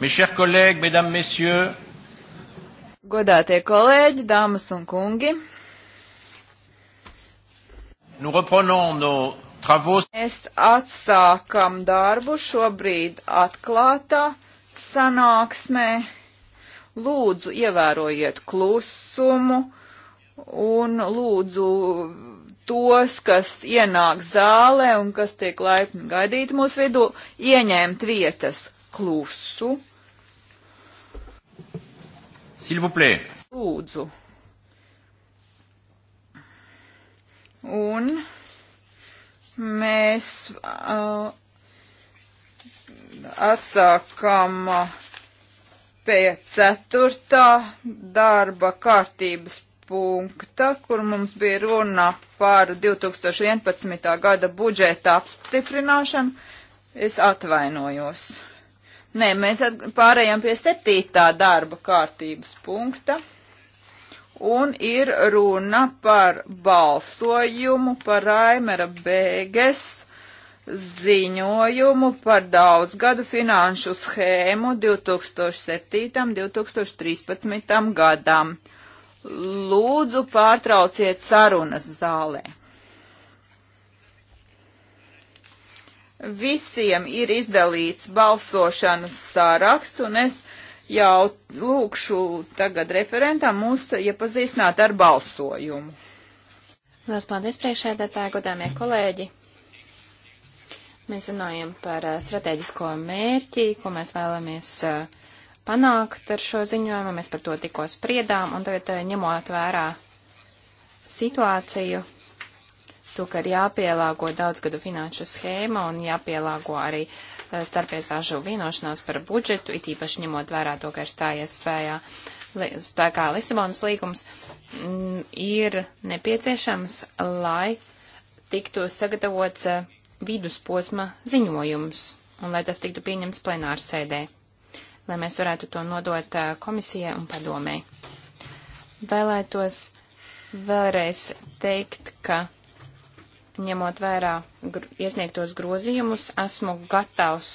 Mes chers collègues, mesdames, messieurs. Godātie kolēģi, dāmas un kungi. Nous reprenons nos travaux. Mēs atsākam darbu šobrīd atklātā sanāksmē. Lūdzu, ievērojiet klusumu un lūdzu tos, kas ienāk zālē un kas tiek laipni gaidīti mūsu vidū, ieņemt vietas klusu. S'il vous plaît. Lūdzu. Un mēs uh, atsākam pēc ceturtā darba kārtības punkta, kur mums bija runa par 2011. gada budžeta apstiprināšanu. Es atvainojos. Nē, mēs pārējām pie septītā darba kārtības punkta. Un ir runa par balsojumu par Raimera Bēges ziņojumu par daudzgadu finanšu schēmu 2007-2013 gadam. Lūdzu, pārtrauciet sarunas zālē. Visiem ir izdalīts balsošanas sāraksts, un es jau lūkšu tagad referentam mūs iepazīstināt ar balsojumu. Lielas paldies priekšēdētāji, godāmie kolēģi! Mēs runājam par strateģisko mērķi, ko mēs vēlamies panākt ar šo ziņojumu. Mēs par to tikko spriedām, un tagad ņemot vērā situāciju, to, ka ir jāpielāgo daudzgadu finanšu schēma un jāpielāgo arī eh, starpiesāžu vienošanās par budžetu, it īpaši ņemot vērā to, ka ir stājies spējā, li, spēkā Lisabonas līgums, m, mm, ir nepieciešams, lai tiktu sagatavots eh, vidusposma ziņojums un lai tas tiktu pieņemts plenāru sēdē, lai mēs varētu to nodot eh, komisijai un padomē. Vēlētos vēlreiz teikt, ka ņemot vērā gr iesniegtos grozījumus, esmu gatavs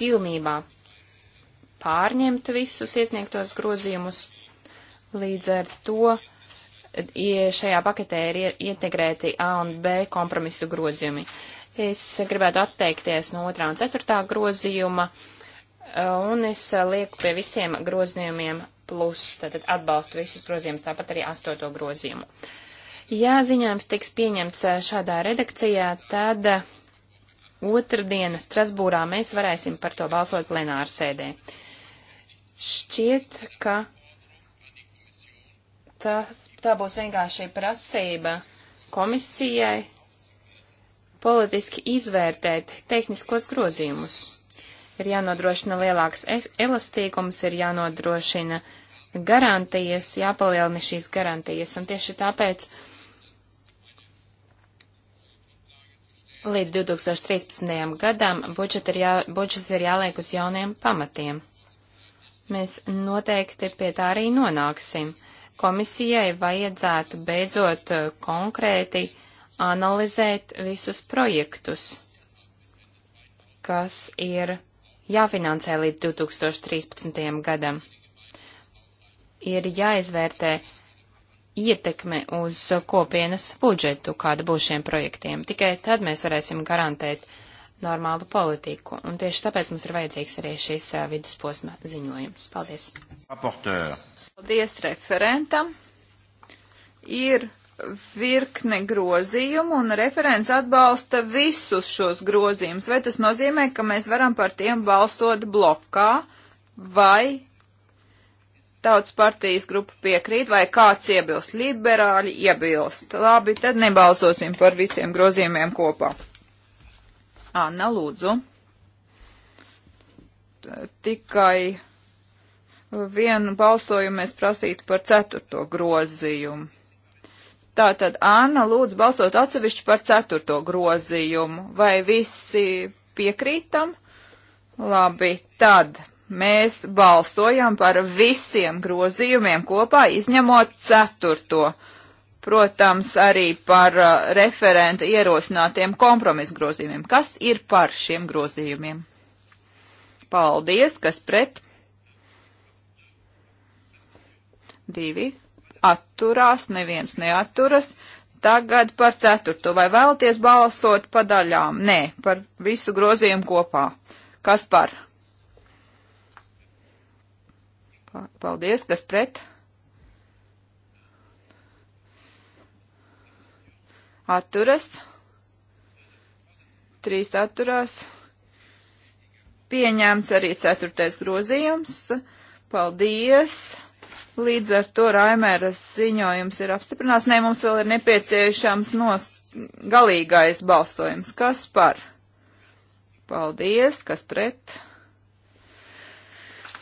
pilnībā pārņemt visus iesniegtos grozījumus. Līdz ar to ja šajā paketē ir integrēti A un B kompromisu grozījumi. Es gribētu atteikties no 2. un 4. grozījuma, un es lieku pie visiem grozījumiem plus, tad atbalstu visus grozījumus, tāpat arī 8. grozījumu. Uh, Ja ziņojums tiks pieņemts eh, šādā redakcijā, tad eh, otrdiena Strasbūrā mēs varēsim par to balsot plenāru sēdē. Šķiet, ka tā, tā būs vienkārši prasība komisijai politiski izvērtēt tehniskos grozījumus. Ir jānodrošina lielāks elastīgums, ir jānodrošina garantijas, jāpalielina šīs garantijas, un tieši tāpēc uh, līdz 2013. gadam budžets ir, jā, budžets ir jāliek uz jauniem pamatiem. Mēs noteikti pie tā arī nonāksim. Komisijai vajadzētu beidzot eh, konkrēti analizēt visus projektus, kas ir jāfinansē līdz 2013. gadam. Ir jāizvērtē ietekme uz kopienas budžetu, kāda būs šiem projektiem. Tikai tad mēs varēsim garantēt normālu politiku. Un tieši tāpēc mums ir vajadzīgs arī šis vidusposma ziņojums. Paldies! Aportēr. Paldies referentam! Ir virkne grozījumu un referents atbalsta visus šos grozījumus. Vai tas nozīmē, ka mēs varam par tiem balsot blokā vai Tautas partijas grupa piekrīt, vai kāds iebilst? Liberāļi iebilst. Labi, tad nebalsosim par visiem grozījumiem kopā. Anna, lūdzu. T Tikai vienu balsojumu mēs prasītu par ceturto grozījumu. Tātad Anna lūdzu balsot atsevišķi par ceturto grozījumu. Vai visi piekrītam? Labi, tad mēs balsojam par visiem grozījumiem kopā, izņemot ceturto. Protams, arī par uh, referenta ierosinātiem kompromisu grozījumiem. Kas ir par šiem grozījumiem? Paldies, kas pret? Divi. Atturās, neviens neaturas. Tagad par ceturto. Vai vēlaties balsot pa daļām? Nē, par visu grozījumu kopā. Kas par? Paldies, kas pret? Atturas. Trīs atturās. Pieņemts arī ceturtais grozījums. Paldies. Līdz ar to Raimēras ziņojums ir apstiprināts. Nē, mums vēl ir nepieciešams nos galīgais balsojums. Kas par? Paldies, kas pret?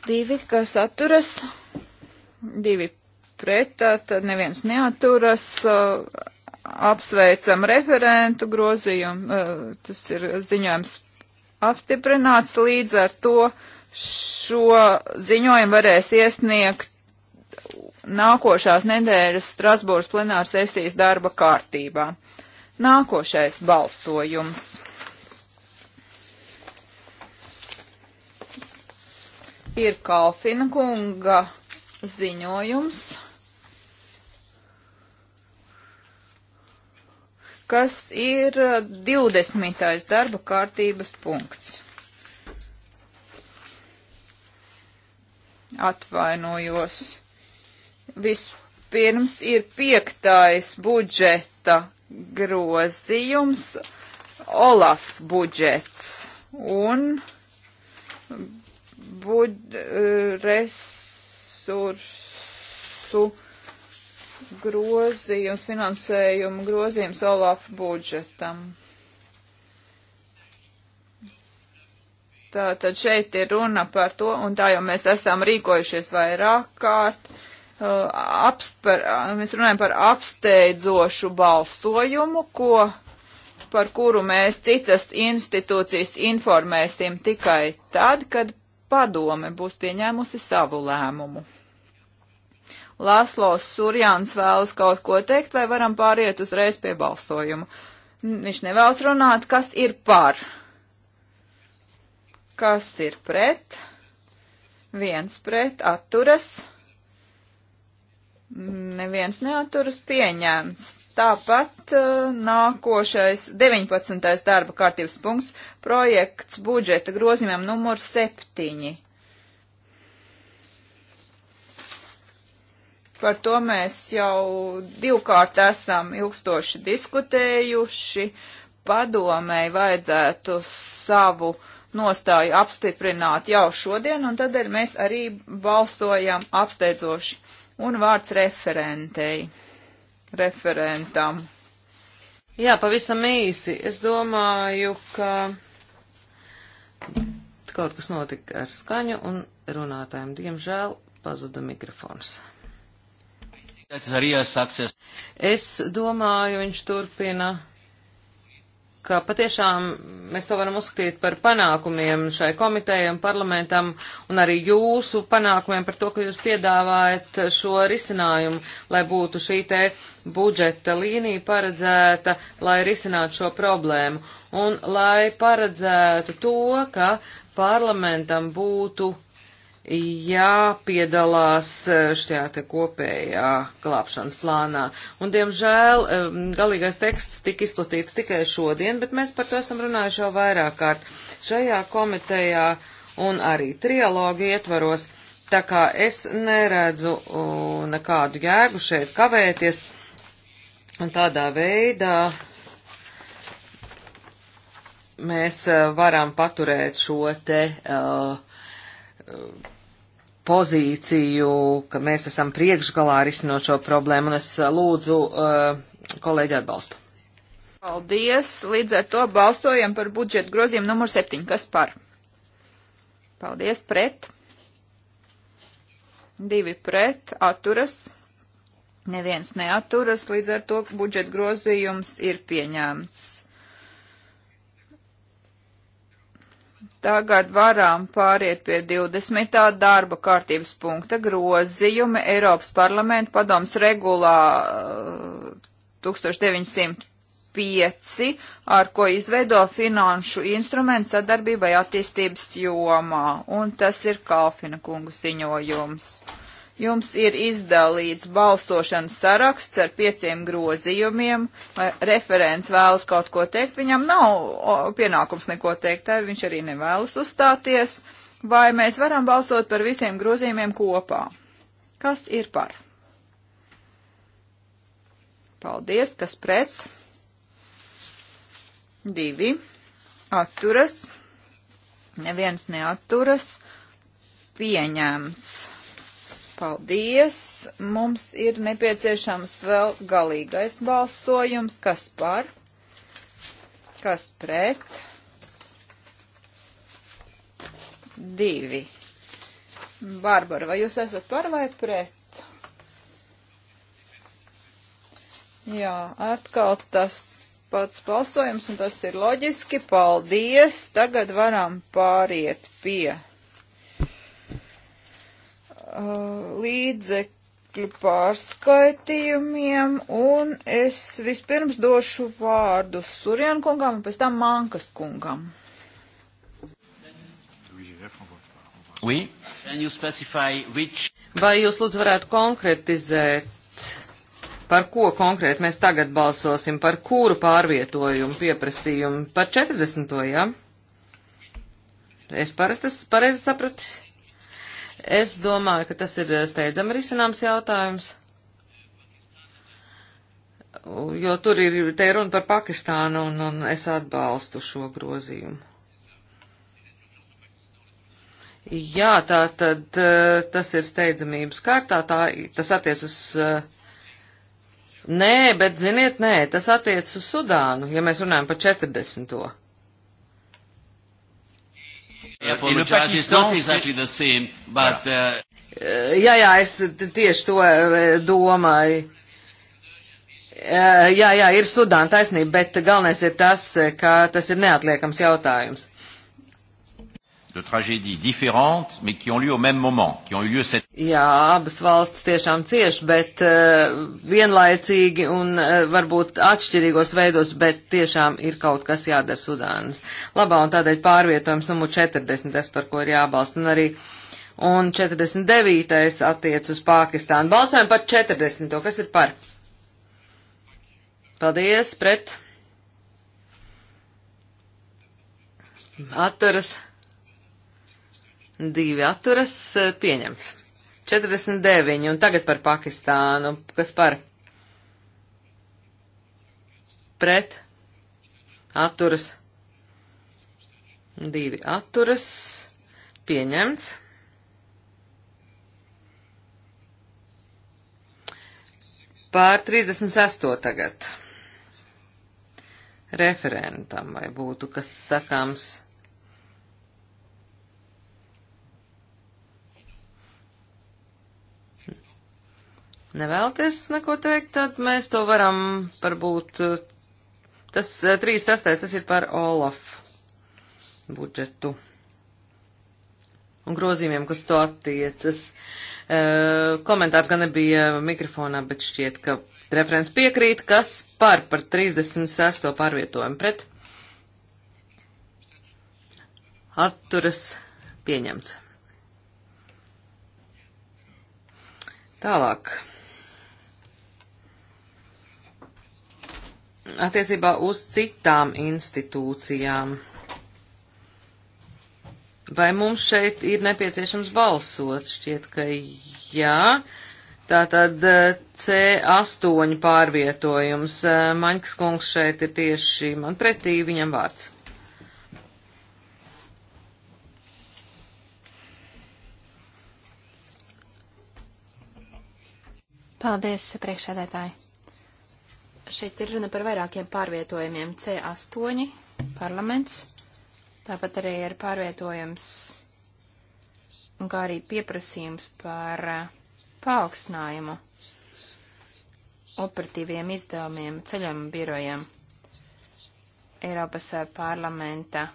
Divi, kas atturas, divi pret, tad neviens neaturas. Apsveicam referentu grozījumu. Tas ir ziņojums apstiprināts līdz ar to šo ziņojumu varēs iesniegt nākošās nedēļas Strasbūras plenāra sesijas darba kārtībā. Nākošais balsojums. ir Kalfina kunga ziņojums, kas ir 20. darba kārtības punkts. Atvainojos. Vispirms ir piektais budžeta grozījums, Olaf budžets un bud, resursu grozījums, finansējumu grozījums Olaf budžetam. Tātad šeit ir runa par to, un tā jau mēs esam rīkojušies vairāk kārt. Uh, apspar, uh, mēs runājam par apsteidzošu balsojumu, ko, par kuru mēs citas institūcijas informēsim tikai tad, kad padome būs pieņēmusi savu lēmumu. Laslos Surjāns vēlas kaut ko teikt, vai varam pāriet uzreiz pie balsojuma? Viņš nevēlas runāt, kas ir par, kas ir pret, viens pret, atturas, neviens neaturas pieņēmts. Tāpat uh, nākošais 19. darba kārtības punkts projekts budžeta grozījumam numur septiņi. Par to mēs jau divkārt esam ilgstoši diskutējuši. Padomēji vajadzētu savu nostāju apstiprināt jau šodien, un tādēļ mēs arī balsojam apsteidzoši. Un vārds referentei, referentam. Jā, pavisam īsi. Es domāju, ka Kaut kas notika ar skaņu un runātājiem. Diemžēl pazuda mikrofons. Es domāju, viņš turpina, ka patiešām mēs to varam uzskatīt par panākumiem šai komitejai un parlamentam un arī jūsu panākumiem par to, ka jūs piedāvājat šo risinājumu, lai būtu šī te budžeta līnija paredzēta, lai risinātu šo problēmu un lai paredzētu to, ka parlamentam būtu jāpiedalās e, šajā te kopējā glābšanas plānā. Un, diemžēl, e, galīgais teksts tika izplatīts tikai šodien, bet mēs par to esam runājuši jau vairāk kārt šajā komitejā un arī trialogu ietvaros. Tā kā es neredzu nekādu jēgu šeit kavēties un tādā veidā uh, mēs eh, varam paturēt šo te uh, pozīciju, ka mēs esam priekšgalā risinot šo problēmu, un es lūdzu uh, kolēģi atbalstu. Paldies! Līdz ar to balstojam par budžetu grozījumu numur 7. Kas par? Paldies! Pret! Divi pret, atturas. Neviens neaturas, līdz ar to budžeta grozījums ir pieņēmts. Tagad varam pāriet pie 20. darba kārtības punkta grozījumi Eiropas parlamenta padoms regulā 1905, eh, ar ko izveido finanšu instrumentu sadarbībai attīstības jomā. Un tas ir Kalfina kungu ziņojums. Jums ir izdalīts balsošanas saraksts ar pieciem grozījumiem. Referents vēlas kaut ko teikt. Viņam nav pienākums neko teikt, tā viņš arī nevēlas uzstāties. Vai mēs varam balsot par visiem grozījumiem kopā? Kas ir par? Paldies, kas pret? Divi. Atturas. Neviens neatturas. Pieņemts. Paldies! Mums ir nepieciešams vēl galīgais balsojums. Kas par? Kas pret? Divi. Barbara, vai jūs esat par vai pret? Jā, atkal tas pats balsojums, un tas ir loģiski. Paldies! Tagad varam pāriet pie Uh, līdzekļu pārskaitījumiem, un es vispirms došu vārdu Surjankungam un pēc tam Mankas kungam. Oui. Which... Vai jūs lūdzu varētu konkretizēt, par ko konkrēti mēs tagad balsosim, par kuru pārvietojumu pieprasījumu? Par 40. jā? Ja? Es parasti pareizi sapratu. Es domāju, ka tas ir eh, steidzami risināms jautājums, jo tur ir, te ir runa par Pakistānu, un, un es atbalstu šo grozījumu. Jā, tā tad eh, tas ir steidzamības kārtā, tā, tas attiec uz. Eh, nē, bet ziniet, nē, tas attiec uz Sudānu, ja mēs runājam par 40. Et le Pakistan is exactly the same, but... Uh... Jā, jā, es tieši to uh, domāju. Jā, jā, ir Sudāna taisnība, bet galvenais ir tas, ka tas ir neatliekams jautājums de tragédies différentes, mais qui ont lieu au même moment, qui ont eu lieu cette... Jā, abas valstis tiešām cieši, bet uh, vienlaicīgi un uh, varbūt atšķirīgos veidos, bet tiešām ir kaut kas jādara Sudānas. Labā un tādēļ pārvietojums numur 40, es par ko ir jābalst, un arī un 49. attiec uz Pakistānu. Balsojam par 40. Kas ir par? Paldies, pret. Atturas. Divi atturas eh, pieņemts. 49. Un tagad par Pakistānu. Kas par? Pret. Atturas. Divi atturas. Pieņemts. Pār 36. tagad. Referentam vai būtu kas sakāms? nevēlties neko teikt, tad mēs to varam varbūt. Eh, tas 36. Eh, tas ir par Olaf budžetu un grozījumiem, kas to attiecas. E, komentārs gan nebija mikrofonā, bet šķiet, ka referents piekrīt, kas par par 36. pārvietojumu pret atturas pieņemts. Tālāk. attiecībā uz citām institūcijām. Vai mums šeit ir nepieciešams balsot? Šķiet, ka jā. Tātad eh, C8 pārvietojums. Eh, Maņkas kungs šeit ir tieši man pretī viņam vārds. Paldies, priekšsēdētāji šeit ir runa par vairākiem pārvietojumiem. C8 parlaments, tāpat arī ir pārvietojums un kā arī pieprasījums par eh, paaugstinājumu operatīviem izdevumiem ceļam birojam Eiropas eh, parlamenta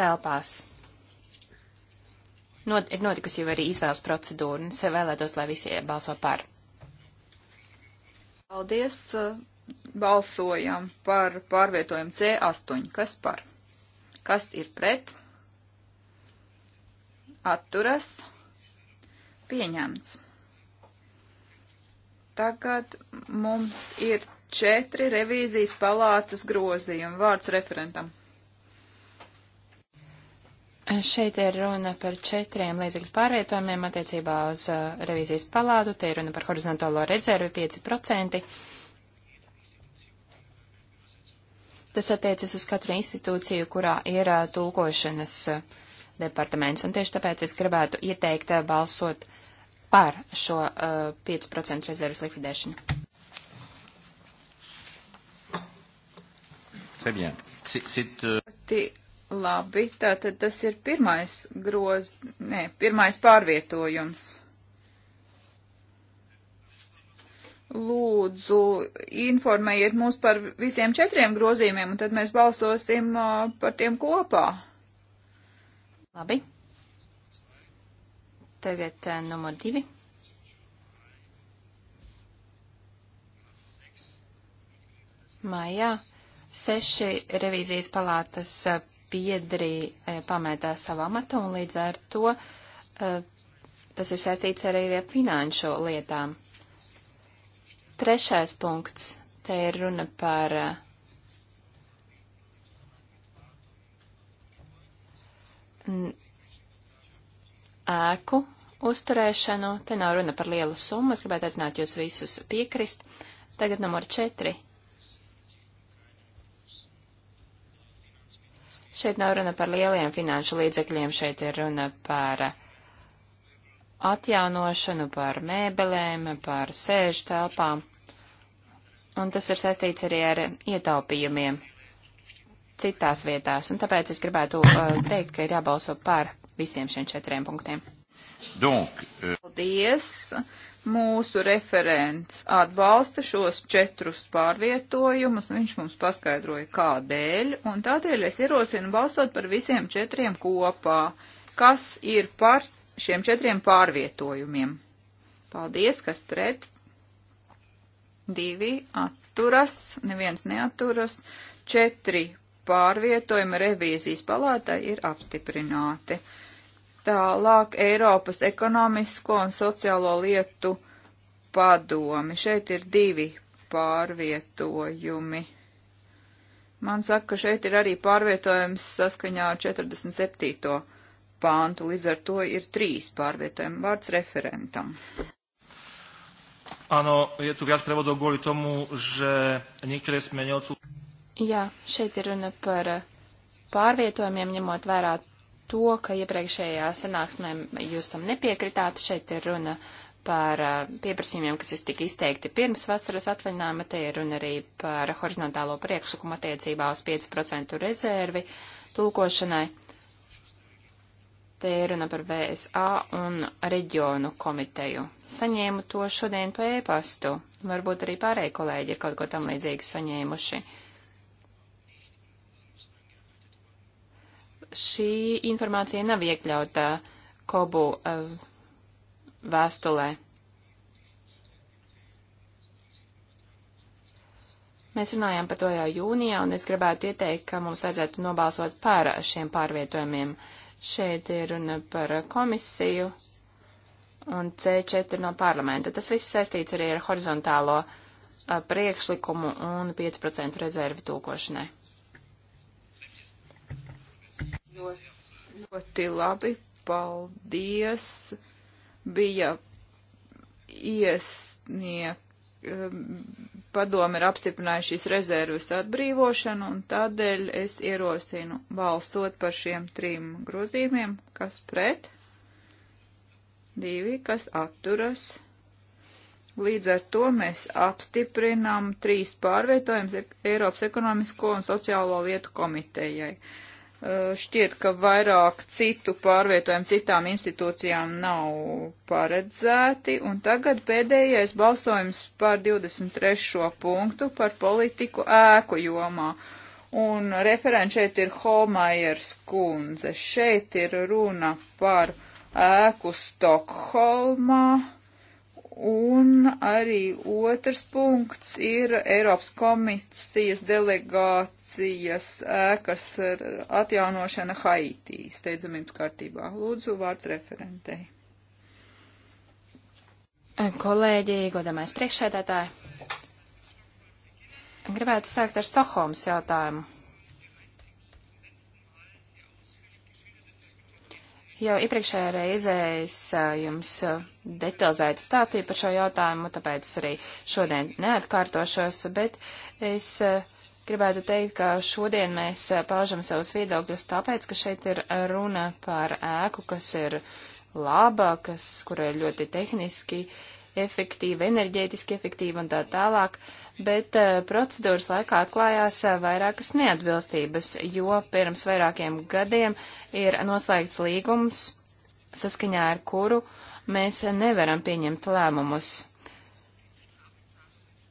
telpās. Not, ir notikusi jau arī izvēles procedūra, un es vēlētos, lai visi balso par. Paldies. Eh, balsojam par pārvietojumu C8. Kas par? Kas ir pret? Atturas. Pieņemts. Tagad mums ir četri revīzijas palātas grozījumi. Vārds referentam. Šeit ir runa par četriem līdzekļu pārvietojumiem attiecībā uz uh, revīzijas palādu. Te ir runa par horizontālo rezervi 5%. Tas attiecas uz katru institūciju, kurā ir uh, tulkošanas uh, departaments. Un tieši tāpēc es gribētu ieteikt uh, balsot par šo 5% uh, rezerves likvidēšanu. Très bien. C'est, c'est, euh... Labi, tātad tas ir pirmais groz, nē, pirmais pārvietojums. Lūdzu, informējiet mūs par visiem četriem grozījumiem, un tad mēs balsosim uh, par tiem kopā. Labi. Tagad uh, numur divi. Maijā seši revīzijas palātas uh, biedri e, pametā savu amatu un līdz ar to e, tas ir saistīts arī ar finanšu lietām. Trešais punkts. Te ir runa par e, ēku uzturēšanu. Te nav runa par lielu summu. Es gribētu aicināt jūs visus piekrist. Tagad numur četri. Šeit nav runa par lieliem finanšu līdzekļiem, šeit ir runa par atjaunošanu, par mēbelēm, par sēžu telpām. Un tas ir saistīts arī ar ietaupījumiem citās vietās, un tāpēc es gribētu uh, teikt, ka ir jābalso par visiem šiem četriem punktiem. Donc, uh... Paldies! Mūsu referents atbalsta šos četrus pārvietojumus, viņš mums paskaidroja kādēļ, un tādēļ es ierosinu balsot par visiem četriem kopā. Kas ir par šiem četriem pārvietojumiem? Paldies, kas pret? Divi atturas, neviens neaturas, četri pārvietojumi revīzijas palātai ir apstiprināti. Tālāk Eiropas ekonomisko un sociālo lietu padomi. Šeit ir divi pārvietojumi. Man saka, ka šeit ir arī pārvietojums saskaņā ar 47. pāntu, līdz ar to ir trīs pārvietojumi vārds referentam. Ano, je tu viac prevodov kvôli tomu, že niektoré sme neodsú... Jā, šeit ir runa par pārvietojumiem, ņemot vērā to, ka iepriekšējā sanāksmē jūs tam nepiekritāt. Šeit ir runa par uh, pieprasījumiem, kas tika izteikti pirms vasaras atvaļinājuma. Te ir runa arī par horizontālo priekšlikumu attiecībā uz 5% rezervi tulkošanai. Te ir runa par VSA un reģionu komiteju. Saņēmu to šodien pa e-pastu. Varbūt arī pārējie kolēģi ir kaut ko tam līdzīgu saņēmuši. Uh, šī informācija nav iekļautā kobu uh, vēstulē. Mēs runājām par to jau jūnijā, un es gribētu ieteikt, ka mums vajadzētu nobalsot par šiem pārvietojumiem. Šeit ir runa par komisiju un C4 no parlamenta. Tas viss saistīts arī ar horizontālo uh, priekšlikumu un 5% rezervi tūkošanai. Ļoti labi, paldies. Bija iesniegt um, padomi ir apstiprinājuši šīs rezerves atbrīvošanu, un tādēļ es ierosinu balsot par šiem trim grozījumiem, kas pret, divi, kas atturas. Līdz ar to mēs apstiprinām trīs pārvietojums Eiropas ekonomisko un sociālo lietu komitejai. Uh, Eh, šķiet, ka vairāk citu pārvietojumu citām institūcijām nav paredzēti, un tagad pēdējais balsojums par 23. punktu par politiku ēku jomā. Un referents šeit ir Holmajers kundze. Šeit ir runa par ēku Stokholmā Un arī otrs punkts ir Eiropas komisijas delegācijas ēkas atjaunošana Haitī, steidzamības kārtībā. Lūdzu, vārds referentei. Kolēģi, godamais priekšsēdētāji, gribētu sākt ar Stokholmas jautājumu. Jau iepriekšējā reizē es jums detalizēti stāstīju par šo jautājumu, tāpēc arī šodien neatkārtošos, bet es gribētu teikt, ka šodien mēs paužam savus viedokļus tāpēc, ka šeit ir runa par ēku, kas ir laba, kas, kur ir ļoti tehniski efektīva, enerģētiski efektīva un tā tālāk. Uh, bet eh, procedūras laikā atklājās eh, vairākas neatbilstības, jo pirms vairākiem gadiem ir noslēgts līgums, saskaņā ar kuru mēs nevaram pieņemt lēmumus.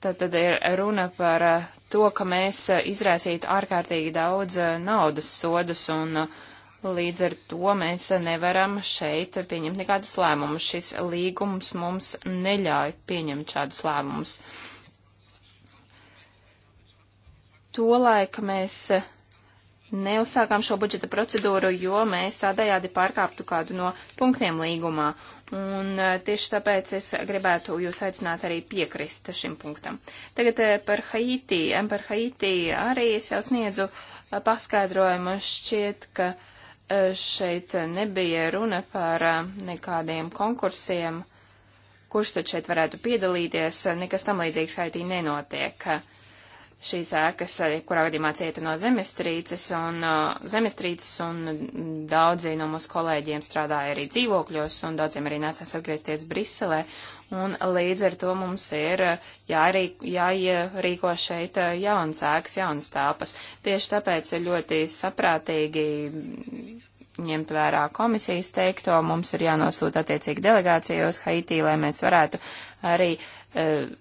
Tad, tad ir runa par eh, to, ka mēs izraisītu ārkārtīgi daudz naudas sodus un līdz ar to mēs nevaram šeit pieņemt nekādus lēmumus. Šis līgums mums neļauj pieņemt šādus lēmumus tolaik mēs e, neuzsākām šo budžeta procedūru, jo mēs tādējādi pārkāptu kādu no punktiem līgumā. Un e, tieši tāpēc es gribētu jūs aicināt arī piekrist šim punktam. Tagad e, par Haiti. Par Haiti arī es jau sniedzu paskaidrojumu. Šķiet, ka šeit nebija runa par nekādiem konkursiem, kurš tad šeit varētu piedalīties. Nekas tam līdzīgs Haiti nenotiek. Uh, šīs ēkas, kurā gadījumā cieta no zemestrīces, un uh, zemestrīces, un daudzi no mūsu kolēģiem strādāja arī dzīvokļos, un daudziem arī nācās atgriezties Briselē, un līdz ar to mums ir uh, jārīko, jārīko šeit uh, jauns ēkas, jaunas telpas. Tieši tāpēc ir ļoti saprātīgi ņemt vērā komisijas teikto, mums ir jānosūta attiecīgi delegācija uz Haitī, lai mēs varētu arī uh,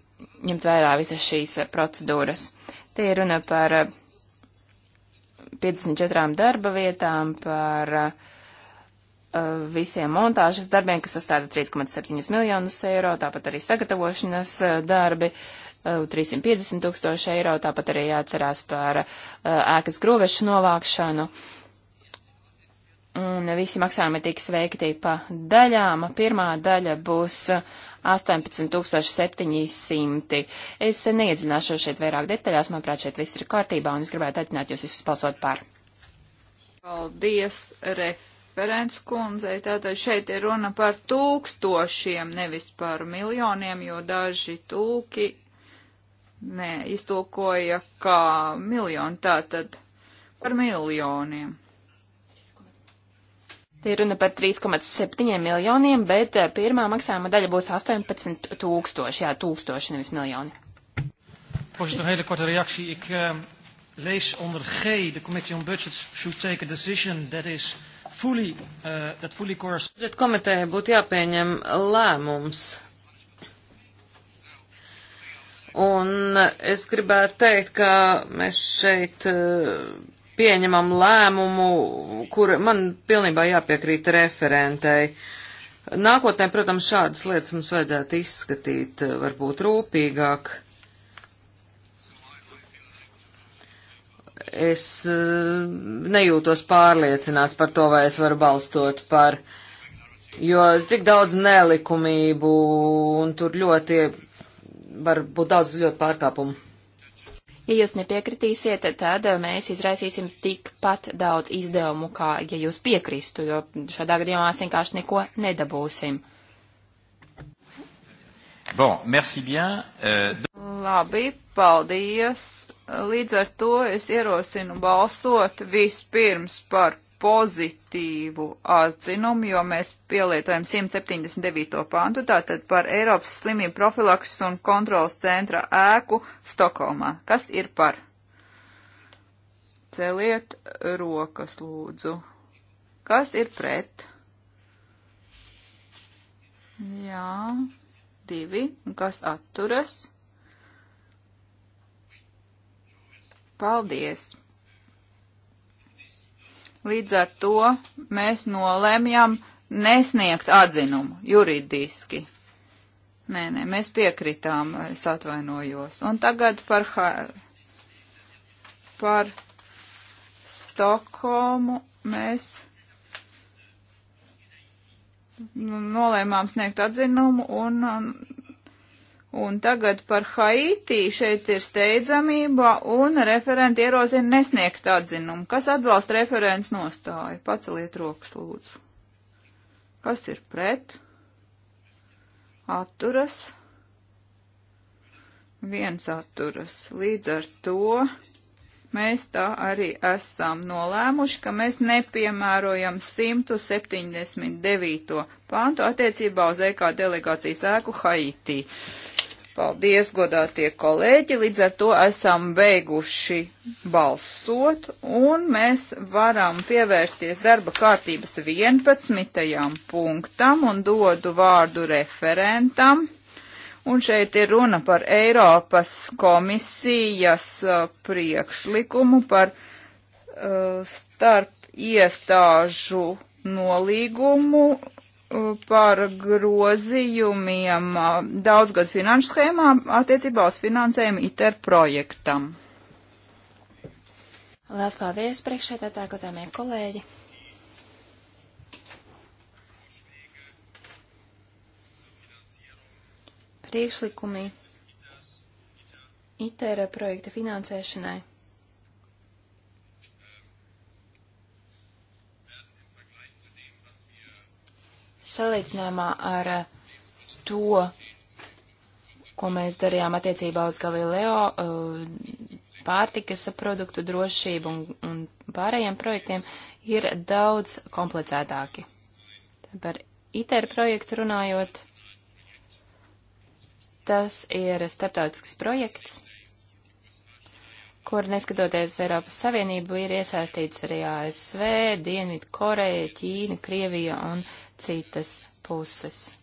ņemt vērā visas šīs eh, procedūras. Te ir runa par 54 eh, darba vietām, par eh, visiem montāžas darbiem, kas sastāda 3,7 miljonus eiro, tāpat arī sagatavošanas darbi. 350 tūkstoši eiro, tāpat arī jāatcerās par ēkas grūvešu novākšanu. Un visi maksājumi tiks veikti pa daļām. Pirmā daļa būs uh, 18700. Es neiedzināšos šeit vairāk detaļās, manuprāt, šeit viss ir kārtībā, un es gribētu aicināt jūs visus balsot par. Paldies, referents kundzei. Tātad šeit ir runa par tūkstošiem, nevis par miljoniem, jo daži tūki Nē, iztulkoja kā miljonu, tātad par miljoniem. Te ir runa par 3,7 miljoniem, bet eh, pirmā maksājuma daļa būs 18 tūkstoši, jā, tūkstoši, nevis miljoni. Voorzitter, een hele korte reactie. Ik uh, lees onder G, the Committee on Budgets should take a decision that is fully, uh, that fully corresponds. Komiteja būtu jāpieņem lēmums. Un es gribētu teikt, ka mēs šeit. Uh, pieņemam lēmumu, kur man pilnībā jāpiekrīt referentei. Nākotnē, protams, šādas lietas mums vajadzētu izskatīt varbūt rūpīgāk. Es eh, nejūtos pārliecināts par to, vai es varu balstot par, jo tik daudz nelikumību un tur ļoti var būt daudz ļoti pārkāpumu. Ja jūs nepiekritīsiet, tad eh, mēs izraisīsim tikpat daudz izdevumu, kā ja jūs piekristu, jo šādā gadījumā mēs vienkārši neko nedabūsim. Bon, merci bien. Uh, Labi, paldies. Līdz ar to es ierosinu balsot vispirms par pozitīvu atzinumu, jo mēs pielietojam 179. pantu, tātad par Eiropas slimību profilakses un kontrolas centra ēku Stokholmā. Kas ir par? Celiet rokas, lūdzu. Kas ir pret? Jā, divi. Un kas atturas? Paldies! Līdz ar to mēs nolēmjam nesniegt atzinumu juridiski. Nē, nē, mēs piekritām, es atvainojos. Un tagad par, par Stokholmu mēs nolēmām sniegt atzinumu un Un tagad par Haiti šeit ir steidzamība un referenti ierozina nesniegt atzinumu. Kas atbalsta referents nostāju? Paceliet rokas, lūdzu. Kas ir pret? Atturas. Viens atturas. Līdz ar to mēs tā arī esam nolēmuši, ka mēs nepiemērojam 179. pantu attiecībā uz EK delegācijas ēku Haitī. Uh, Paldies, godātie kolēģi. Līdz ar to esam beiguši balsot, un mēs varam pievērsties darba kārtības 11. punktam un dodu vārdu referentam. Un šeit ir runa par Eiropas komisijas uh, priekšlikumu par uh, starp iestāžu nolīgumu par grozījumiem daudzgad finanšu schēmā attiecībā uz finansējumu ITER projektam. Lielas paldies priekšētātā, godāmie kolēģi! Priekšlikumi ITER projekta finansēšanai Salīdzinājumā ar eh, to, ko mēs darījām attiecībā uz Galileo, eh, pārtikas produktu drošību un, un pārējiem projektiem, ir daudz komplicētāki. Par ITER projektu runājot, tas ir starptautisks projekts, kur neskatoties uz Eiropas Savienību ir iesaistīts arī ASV, Dienvidu Koreja, Ķīna, Krievija un Krievija citas puses.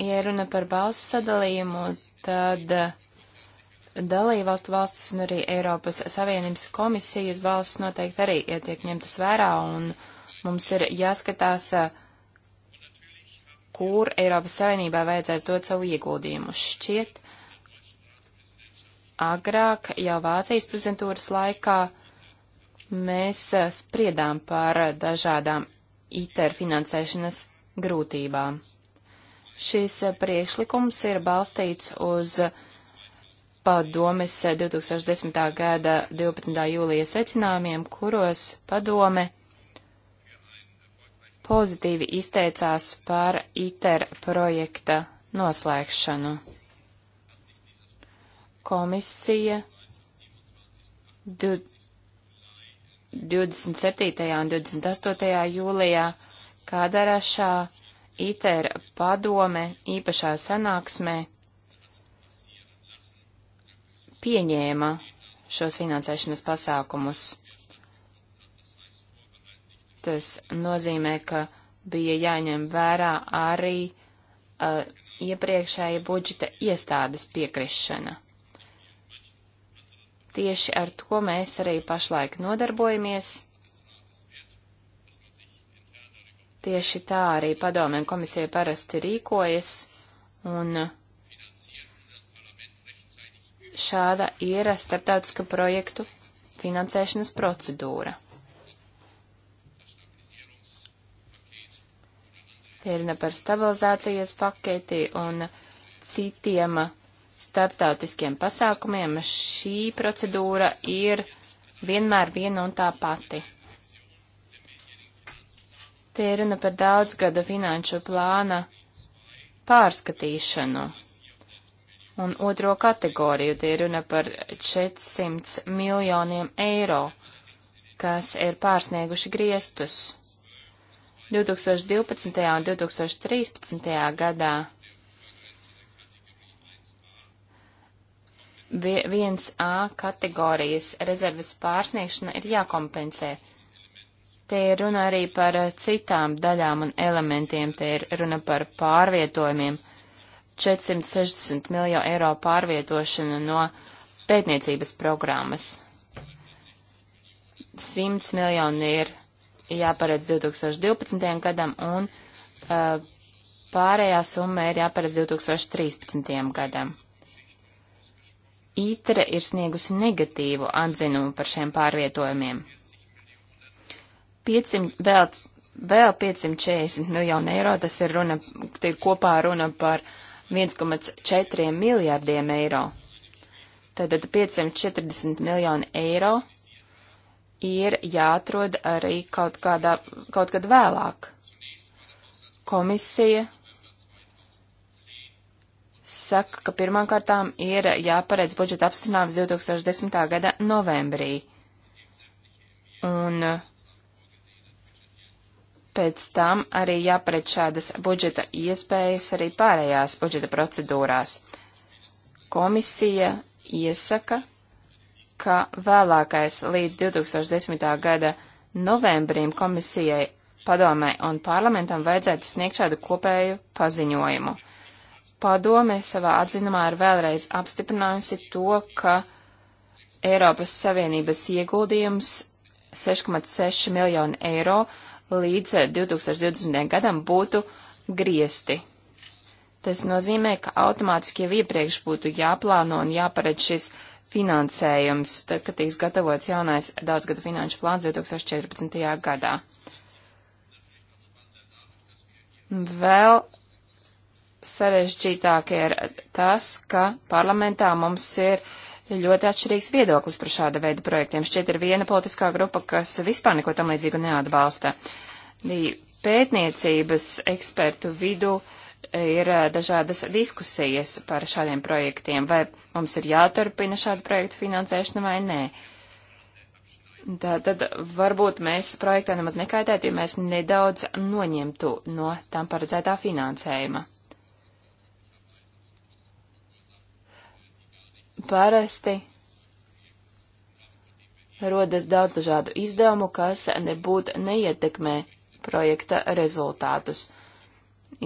Ja runa par balsu sadalījumu, tad dalībvalstu valstis un arī Eiropas Savienības komisijas balsts noteikti arī tiek ņemtas vērā, un mums ir jāskatās, kur Eiropas Savienībā vajadzēs dot savu ieguldījumu. Šķiet, agrāk jau Vācijas prezidentūras laikā mēs eh, spriedām par dažādām ITER finansēšanas grūtībām. Šis eh, priekšlikums ir balstīts uz padomes 2010. Eh, gada 12. jūlija secinājumiem, kuros padome pozitīvi izteicās par ITER projekta noslēgšanu. Komisija 27. un 28. jūlijā Kādarašā ITER padome īpašā sanāksmē pieņēma šos finansēšanas pasākumus. Tas nozīmē, ka bija jāņem vērā arī uh, iepriekšēja budžeta iestādes piekrišana. Tieši ar to mēs arī pašlaik nodarbojamies. Tieši tā arī padomē komisija parasti rīkojas, un šāda ir starptautiska projektu finansēšanas procedūra. Te ir ne par stabilizācijas paketi un citiem starptautiskiem pasākumiem, šī procedūra ir vienmēr viena un tā pati. Te ir runa par daudzgada finanšu plāna pārskatīšanu. Un otro kategoriju te ir runa par 400 miljoniem eiro, kas ir pārsnieguši griestus. 2012. un 2013. gadā 1A kategorijas rezerves pārsniegšana ir jākompensē. Te ir runa arī par eh, citām daļām un elementiem, te ir runa par pārvietojumiem, 460 miljonu eiro pārvietošanu no pētniecības programmas. 100 miljoni ir jāparedz 2012. gadam un uh, pārējā summa ir jāparedz 2013. gadam. ITRE ir sniegusi negatīvu atzinumu par šiem pārvietojumiem. 500, vēl, vēl 540 miljonu eiro, tas ir, runa, ir kopā runa par 1,4 miljārdiem eiro. Tātad 540 miljoni eiro ir jāatrod arī kaut, kādā, kaut kad vēlāk. Komisija saka, ka pirmkārtām ir jāparedz budžeta apstrinājums 2010. gada novembrī. Un pēc tam arī jāparedz šādas budžeta iespējas arī pārējās budžeta procedūrās. Komisija iesaka, ka vēlākais līdz 2010. gada novembrim komisijai, padomē un parlamentam vajadzētu sniegt šādu kopēju paziņojumu. Padome savā atzinumā ir vēlreiz apstiprinājusi to, ka Eiropas Savienības ieguldījums 6,6 miljonu eiro līdz 2020. gadam būtu griesti. Tas nozīmē, ka automātiski jau iepriekš būtu jāplāno un jāparedz šis finansējums, tad, kad tiks gatavots jaunais daudzgada finanšu plāns 2014. gadā. Vēl sarežģītāk ir tas, ka parlamentā mums ir ļoti atšķirīgs viedoklis par šāda veida projektiem. Šķiet ir viena politiskā grupa, kas vispār neko tam līdzīgu neatbalsta. Pētniecības ekspertu vidu ir eh, dažādas diskusijas par šādiem projektiem, vai mums ir jāturpina šādu projektu finansēšana vai nē. Tā, tad varbūt mēs projektā nemaz nekaitētu, ja mēs nedaudz noņemtu no tam paredzētā finansējuma. parasti rodas daudz dažādu izdevumu, kas nebūt neietekmē projekta rezultātus.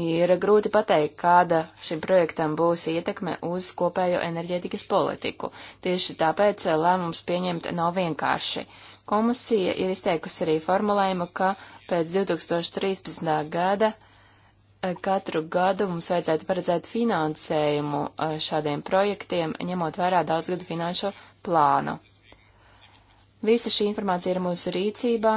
Ir grūti pateikt, kāda šim projektam būs ietekme uz kopējo enerģētikas politiku. Tieši tāpēc lēmums pieņemt nav vienkārši. Komisija ir izteikusi arī formulējumu, ka pēc 2013. gada katru gadu mums vajadzētu paredzēt finansējumu eh, šādiem projektiem, ņemot vērā daudzgadu finanšu plānu. Visa šī informācija ir mūsu rīcībā,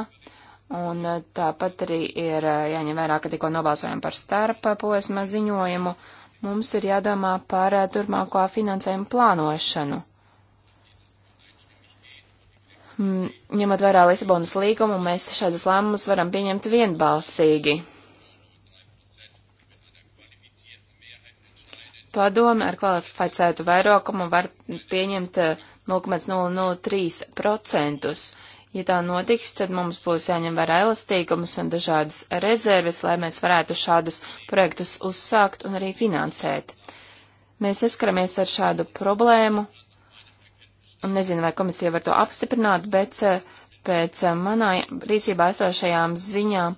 un eh, tāpat arī ir eh, jāņem vērā, ka tikko nobalsojam par starpa posma ziņojumu, mums ir jādomā par turpmāko finansējumu plānošanu. Mm, ņemot vērā Lisabonas līgumu, mēs šādus lēmumus varam pieņemt vienbalsīgi Padome ar kvalificētu vairākumu var pieņemt 0,003%. Eh, ja tā notiks, tad mums būs jāņem vērā elastīgums un dažādas rezerves, lai mēs varētu šādus projektus uzsākt un arī finansēt. Mēs saskaramies ar šādu problēmu, un nezinu, vai komisija var to apstiprināt, bet eh, pēc eh, manā rīcībā esošajām ziņām uh,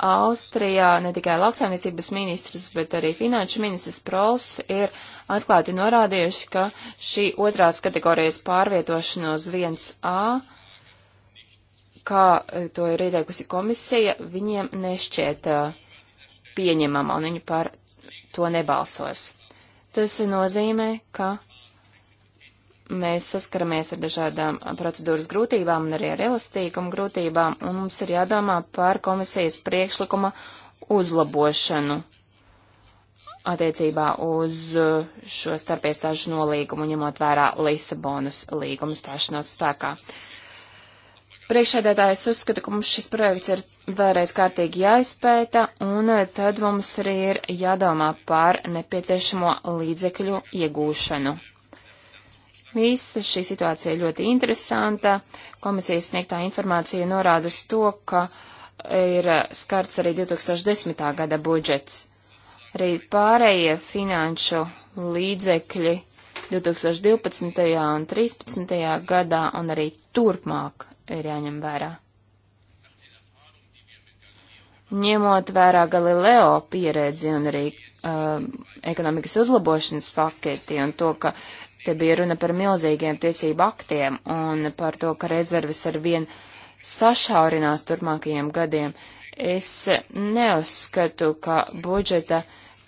Austrijā ne tikai lauksaimniecības ministrs, bet arī finanšu ministrs Prols ir atklāti norādījuši, ka šī otrās kategorijas pārvietošanos 1A, kā eh, to ir ieteikusi komisija, viņiem nešķiet eh, pieņemama un viņi par to nebalsos. Tas nozīmē, ka mēs saskaramies ar dažādām procedūras grūtībām un arī ar elastīgumu grūtībām, un mums ir jādomā par komisijas priekšlikuma uzlabošanu attiecībā uz uh, šo starpiestāžu nolīgumu, ņemot vērā Lisabonas līguma stāšanos spēkā. Priekšēdētājs uzskata, ka mums šis projekts ir vēlreiz kārtīgi jāizpēta, un uh, tad mums arī ir jādomā par nepieciešamo līdzekļu iegūšanu. Visa šī situācija ļoti interesanta. Komisijas sniegtā informācija norāda uz to, ka ir eh, skarts arī 2010. gada budžets. Arī pārējie finanšu līdzekļi 2012. un 2013. gadā un arī turpmāk ir jāņem vērā. Ņemot vērā Galileo pieredzi un arī um, ekonomikas uzlabošanas paketi un to, ka Te bija runa par milzīgiem tiesību aktiem un par to, ka rezerves ar vien sašaurinās turpmākajiem gadiem. Es neuzskatu, ka budžeta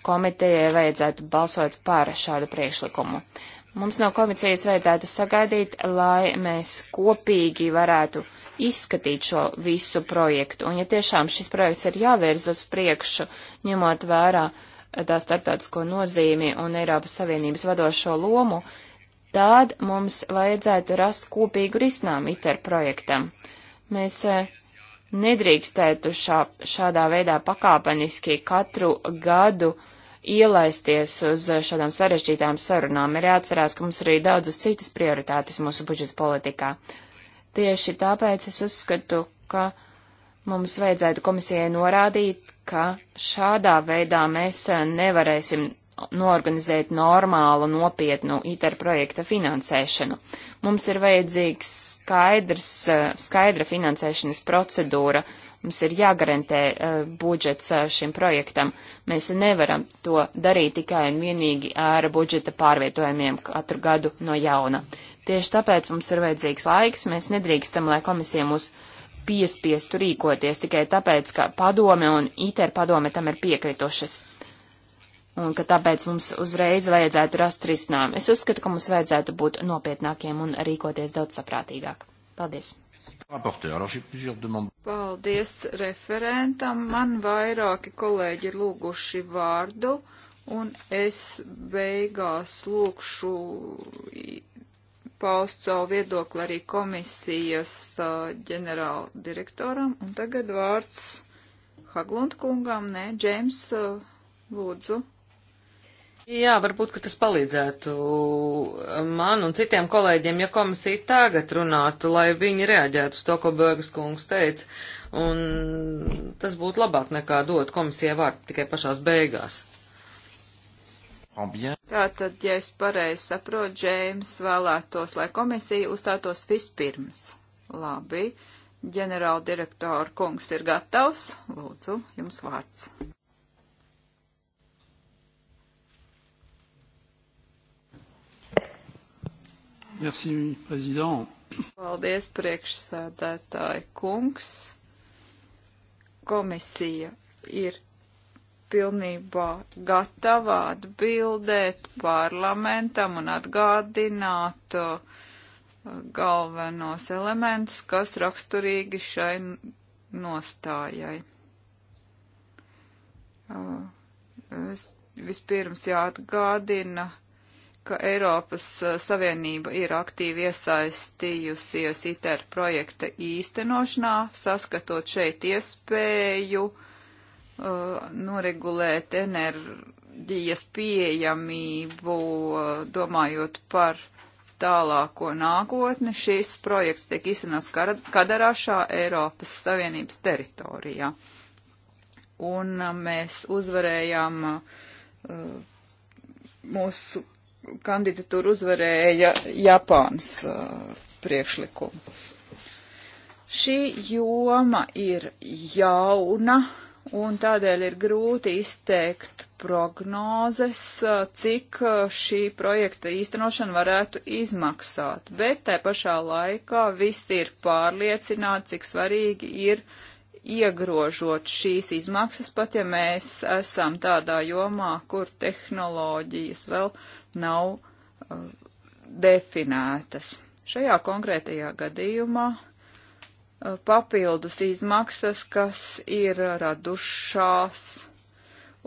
komitejai vajadzētu balsot par šādu priekšlikumu. Mums no komisijas vajadzētu sagaidīt, lai mēs kopīgi varētu izskatīt šo visu projektu. Un ja tiešām šis projekts ir jāvirz uz priekšu, ņemot vērā uh, tā starptautisko nozīmi un Eiropas Savienības vadošo lomu, tad mums vajadzētu rast kopīgu risinājumu ITER projektam. Mēs eh, nedrīkstētu šā, šādā veidā pakāpeniski katru gadu ielaisties uz eh, šādām sarežģītām sarunām. Ir jāatcerās, ka mums ir arī daudzas citas prioritātes mūsu budžeta politikā. Tieši tāpēc es uzskatu, ka uh, Mums vajadzētu komisijai norādīt, ka šādā veidā mēs eh, nevarēsim norganizēt normālu, nopietnu ITER projekta finansēšanu. Mums ir vajadzīgs skaidrs, eh, skaidra finansēšanas procedūra, mums ir jāgarantē uh, budžets uh, šim projektam. Mēs nevaram to darīt tikai un vienīgi ar budžeta pārvietojumiem katru gadu no jauna. Tieši tāpēc mums ir vajadzīgs laiks, mēs nedrīkstam, lai komisija mūs piespiestu rīkoties tikai tāpēc, ka padome un ITER padome tam ir piekritušas. Un ka tāpēc mums uzreiz vajadzētu rast risinājumu. Es uzskatu, ka mums vajadzētu būt nopietnākiem un rīkoties daudz saprātīgāk. Paldies! Paldies referentam. Man vairāki kolēģi ir lūguši vārdu, un es beigās lūkšu paust savu viedokli arī komisijas uh, ģenerāla direktoram. Un tagad vārds Haglund kungam, nē, Džēms, uh, lūdzu. Jā, varbūt, ka tas palīdzētu man un citiem kolēģiem, ja komisija tagad runātu, lai viņi reaģētu uz to, ko Bēgas kungs teica, un tas būtu labāk nekā dot komisijai vārdu tikai pašās beigās. Ambien. Tātad, ja es pareizi saprotu, Džēms vēlētos, lai komisija uzstātos vispirms. Labi, ģenerāla direktora kungs ir gatavs. Lūdzu, jums vārds. Merci, prezident. Paldies, priekšsēdētāji kungs. Komisija ir pilnībā gatava atbildēt parlamentam un atgādināt uh, galvenos elementus, kas raksturīgi šai nostājai. Uh, es vispirms jāatgādina, ka Eiropas uh, Savienība ir aktīvi iesaistījusies ITER projekta īstenošanā, saskatot šeit iespēju uh, Uh, noregulēt enerģijas pieejamību, uh, domājot par tālāko nākotni. Šis projekts tiek izcināts Kadarašā, Eiropas Savienības teritorijā. Un uh, mēs uzvarējām, mūsu kandidatūru uzvarēja Japāns priekšlikumu. Šī joma ir jauna un tādēļ ir grūti izteikt prognozes, cik šī projekta īstenošana varētu izmaksāt. Bet tai pašā laikā visi ir pārliecināti, cik svarīgi ir iegrožot šīs izmaksas, pat ja mēs esam tādā jomā, kur tehnoloģijas vēl nav uh, definētas. Šajā konkrētajā gadījumā uh, Uh, papildus izmaksas, kas ir radušās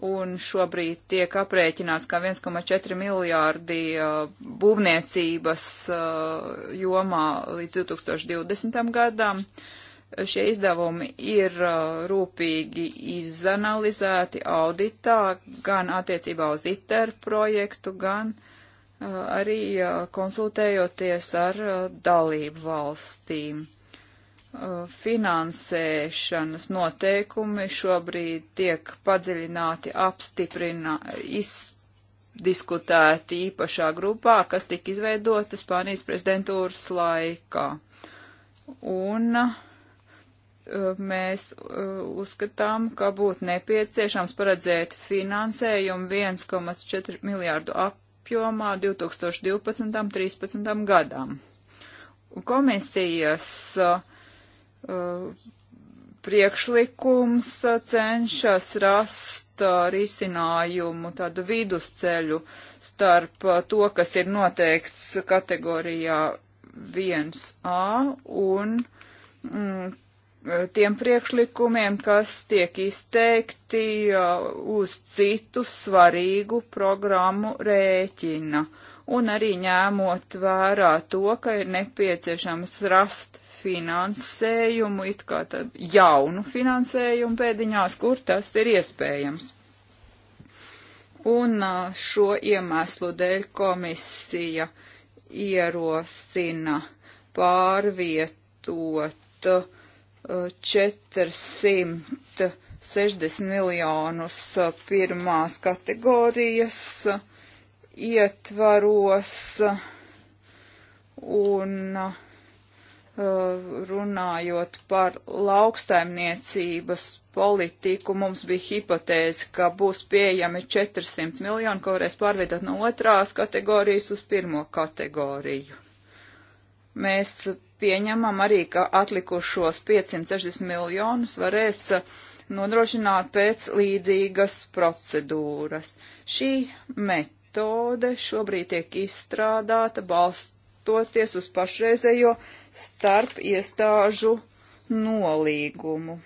un šobrīd tiek aprēķināts, ka 1,4 miljārdi uh, būvniecības uh, jomā līdz 2020. gadam. Šie izdevumi ir uh, rūpīgi izanalizēti auditā, gan attiecībā uz ITER projektu, gan uh, arī uh, konsultējoties ar dalību valstīm. Uh, finansēšanas noteikumi šobrīd tiek padziļināti, apstiprinā, izdiskutēti īpašā grupā, kas tika izveidota Spānijas prezidentūras laikā. Un uh, mēs uh, uzskatām, ka būtu nepieciešams paredzēt finansējumu 1,4 miljārdu apjomā 2012. 13. gadam. Komisijas uh, priekšlikums cenšas rast risinājumu, tādu vidusceļu starp to, kas ir noteikts kategorijā 1A un mm, tiem priekšlikumiem, kas tiek izteikti uh, uz citu svarīgu programmu rēķina. Un arī ņēmot vērā to, ka ir nepieciešams rast finansējumu, it kā tad jaunu finansējumu pēdiņās, kur tas ir iespējams. Un šo iemeslu dēļ komisija ierosina pārvietot 460 miljonus pirmās kategorijas ietvaros un uh, Eh, runājot par lauksaimniecības politiku, mums bija hipotēze, ka būs pieejami 400 miljoni, ko varēs pārvietot no otrās kategorijas uz pirmo kategoriju. Mēs pieņemam arī, ka atlikušos 560 miljonus varēs eh, nodrošināt pēc līdzīgas procedūras. Šī metode šobrīd tiek izstrādāta balstoties uz pašreizējo starp iestāžu nolīgumu.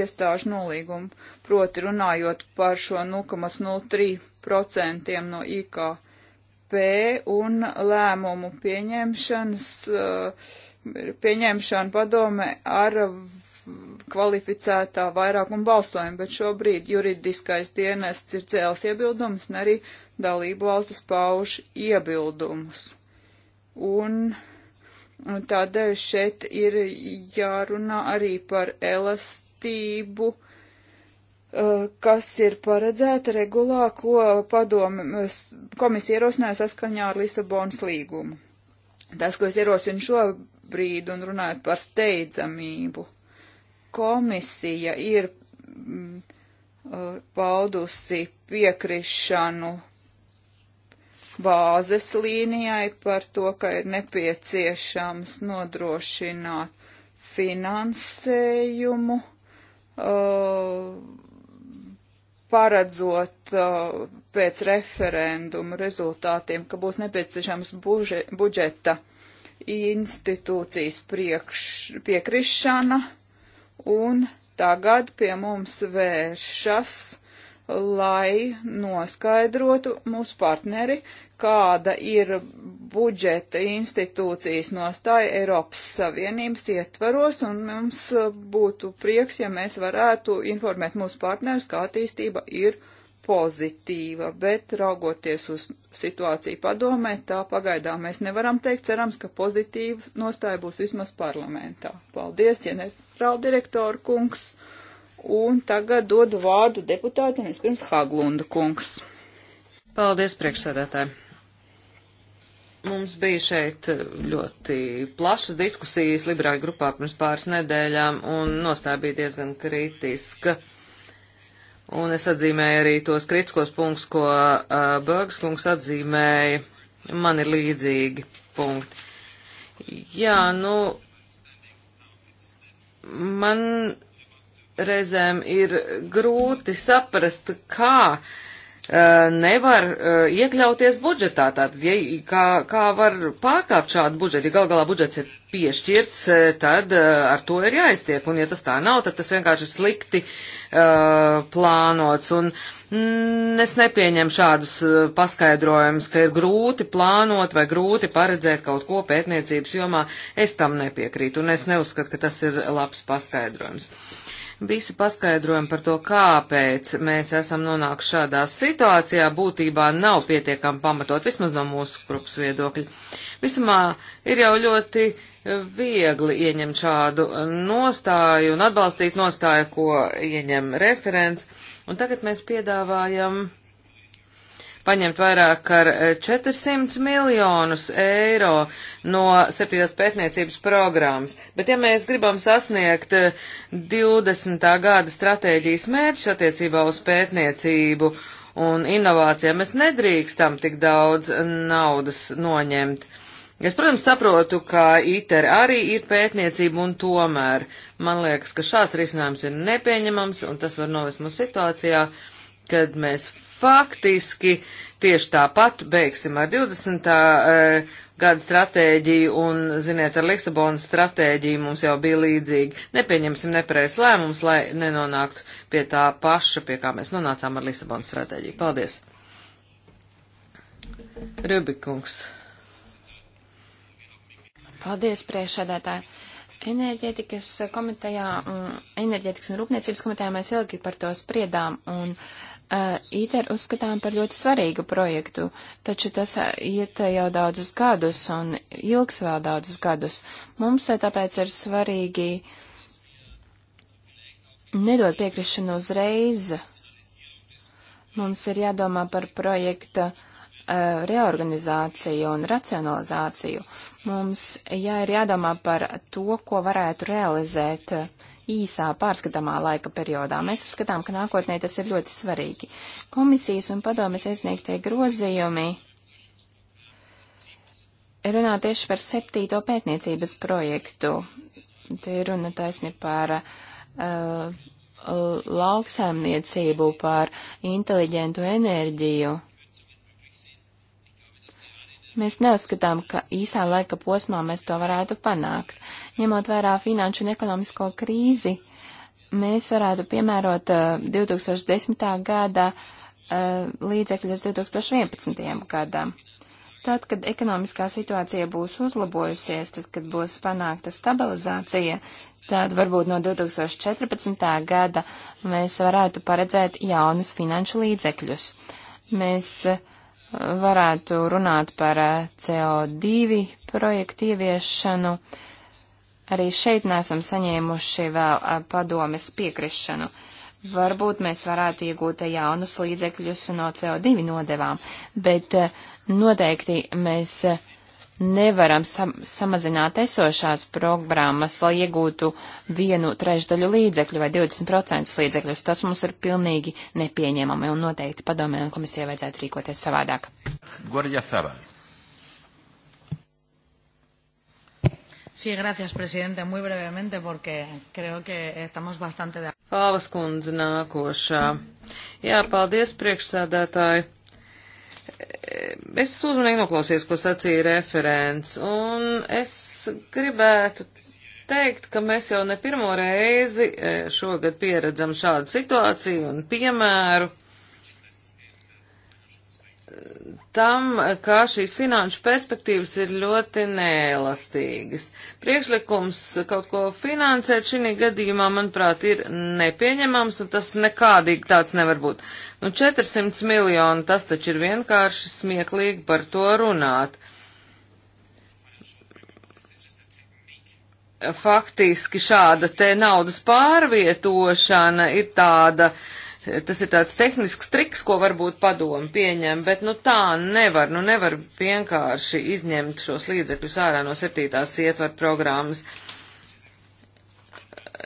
Iestāžu nolīgumu, proti runājot par šo 0,03% no IKP un lēmumu pieņemšanas, eh, pieņemšanu padome ar kvalificētā vairākuma balsojuma, bet šobrīd juridiskais dienests ir cēls iebildumus un arī dalību valstis pauž iebildumus. Un Un tādēļ šeit ir jārunā arī par elastību, eh, kas ir paredzēta regulā, ko padomi komisija ierosināja saskaņā ar Lisabonas līgumu. Tas, ko es ierosinu šobrīd un runājot par steidzamību, komisija ir mm, eh, paudusi piekrišanu bāzes līnijai par to, ka ir nepieciešams nodrošināt finansējumu, uh, paredzot uh, pēc referendumu rezultātiem, ka būs nepieciešams budžeta institūcijas priekš, piekrišana, un tagad pie mums vēršas, lai noskaidrotu mūsu partneri, kāda ir budžeta institūcijas nostāja Eiropas Savienības ietvaros, un mums uh, būtu prieks, ja mēs varētu informēt mūsu partnerus, kā attīstība ir pozitīva, bet raugoties uz situāciju padomē, tā pagaidām mēs nevaram teikt, cerams, ka pozitīva nostāja būs vismaz parlamentā. Paldies, ģenerāldirektoru kungs, un tagad dodu vārdu deputātiem, vispirms Haglunda kungs. Paldies, priekšsēdētāji. Mums bija šeit ļoti plašas diskusijas liberāļu grupā pirms pāris nedēļām, un nostāja bija diezgan kritiska. Un es atzīmēju arī tos kritiskos punktus, ko uh, Bergs kungs atzīmēja. Man ir līdzīgi punkti. Jā, nu, man reizēm ir grūti saprast, kā uh, Eh, nevar eh, iekļauties budžetā. Tātad, ja, kā, kā var pārkāpt šādu budžetu? Ja gal galā budžets ir piešķirts, eh, tad ar to ir jāiztiek. Un ja tas tā nav, tad tas vienkārši ir slikti uh, plānots. Un mm, es nepieņemu šādus paskaidrojumus, ka ir grūti plānot vai grūti paredzēt kaut ko pētniecības jomā. Es tam nepiekrītu un es neuzskatu, ka tas ir labs paskaidrojums. Uh, Visi paskaidrojumi par to, kāpēc mēs esam nonākuši šādā situācijā, būtībā nav pietiekami pamatot, vismaz no mūsu grupas viedokļa. Visumā ir jau ļoti viegli ieņemt šādu nostāju un atbalstīt nostāju, ko ieņem referents. Un tagad mēs piedāvājam paņemt vairāk ar 400 eh, miljonus eiro no septītās pētniecības programmas. Bet ja mēs gribam sasniegt 20. Eh, gada stratēģijas mērķus attiecībā uz pētniecību un inovācijām, mēs nedrīkstam tik daudz naudas noņemt. Es, protams, saprotu, ka ITER arī ir pētniecība, un tomēr man liekas, ka šāds risinājums ir nepieņemams, un tas var novest mūsu situācijā, kad mēs faktiski tieši tāpat beigsim ar 20. Eh, gada stratēģiju un, ziniet, ar Lisabonas stratēģiju mums jau bija līdzīgi. Nepieņemsim nepareizs lēmums, lai nenonāktu pie tā paša, pie kā mēs nonācām ar Lisabonas stratēģiju. Paldies! Rubikungs. Paldies, priekšsēdētāji. Enerģētikas komitejā, enerģētikas un rūpniecības komitejā mēs ilgi par to spriedām, un uh, Eh, ITER uzskatām par ļoti svarīgu projektu, taču tas eh, iet jau daudzus gadus un ilgs vēl daudzus gadus. Mums eh, tāpēc ir svarīgi nedot piekrišanu uzreiz. Mums ir jādomā par projekta uh, reorganizāciju un racionalizāciju. Mums jā, ir jādomā par to, ko varētu realizēt īsā pārskatāmā laika periodā. Mēs uzskatām, ka nākotnē tas ir ļoti svarīgi. Komisijas un padomes iesniegtie grozījumi runā tieši par septīto pētniecības projektu. Te ir runa taisni par uh, lauksaimniecību, par inteliģentu enerģiju. Mēs neuzskatām, ka īsā laika posmā mēs to varētu panākt. Ņemot vērā finanšu un ekonomisko krīzi, mēs varētu piemērot 2010. Eh, gada eh, līdzekļus 2011. gadam. Tad, kad ekonomiskā situācija būs uzlabojusies, tad, kad būs panākta stabilizācija, tad varbūt no 2014. gada mēs varētu paredzēt jaunus finanšu līdzekļus. Mēs uh, varētu runāt par CO2 projektu ieviešanu. Arī šeit nesam saņēmuši vēl padomes piekrišanu. Varbūt mēs varētu iegūt jaunus līdzekļus no CO2 nodevām, bet noteikti mēs nevaram sam samazināt esošās programmas, lai iegūtu vienu trešdaļu līdzekļu vai 20% līdzekļus. Tas mums ir pilnīgi nepieņemami un noteikti padomē un komisijai vajadzētu rīkoties savādāk. Sí, gracias, presidente. Muy brevemente, porque creo que estamos bastante de acuerdo. Pāvas kundze nākošā. Jā, paldies, priekšsēdētāji. Es uzmanīgi noklausījos, ko sacīja referents, un es gribētu teikt, ka mēs jau ne pirmo reizi eh, šogad pieredzam šādu situāciju un piemēru tam, kā šīs finanšu perspektīvas ir ļoti nēlastīgas. Priekšlikums kaut ko finansēt šī gadījumā, manuprāt, ir nepieņemams, un tas nekādīgi tāds nevar būt. Nu, 400 miljoni, tas taču ir vienkārši smieklīgi par to runāt. Faktiski šāda te naudas pārvietošana ir tāda, uh, Tas ir tāds tehnisks triks, ko varbūt padomu pieņem, bet nu tā nevar, nu nevar vienkārši izņemt šos līdzekļus ārā no septītās ietver programmas.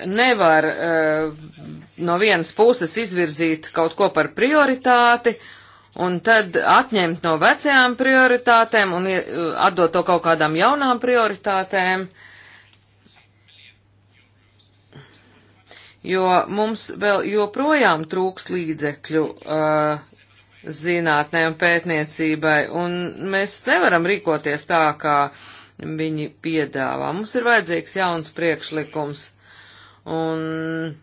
Nevar uh, no vienas puses izvirzīt kaut ko par prioritāti un tad atņemt no vecajām prioritātēm un uh, atdot to kaut kādām jaunām prioritātēm. Uh, jo mums vēl joprojām trūks līdzekļu uh, zinātnē un pētniecībai, un mēs nevaram rīkoties tā, kā viņi piedāvā. Mums ir vajadzīgs jauns priekšlikums, un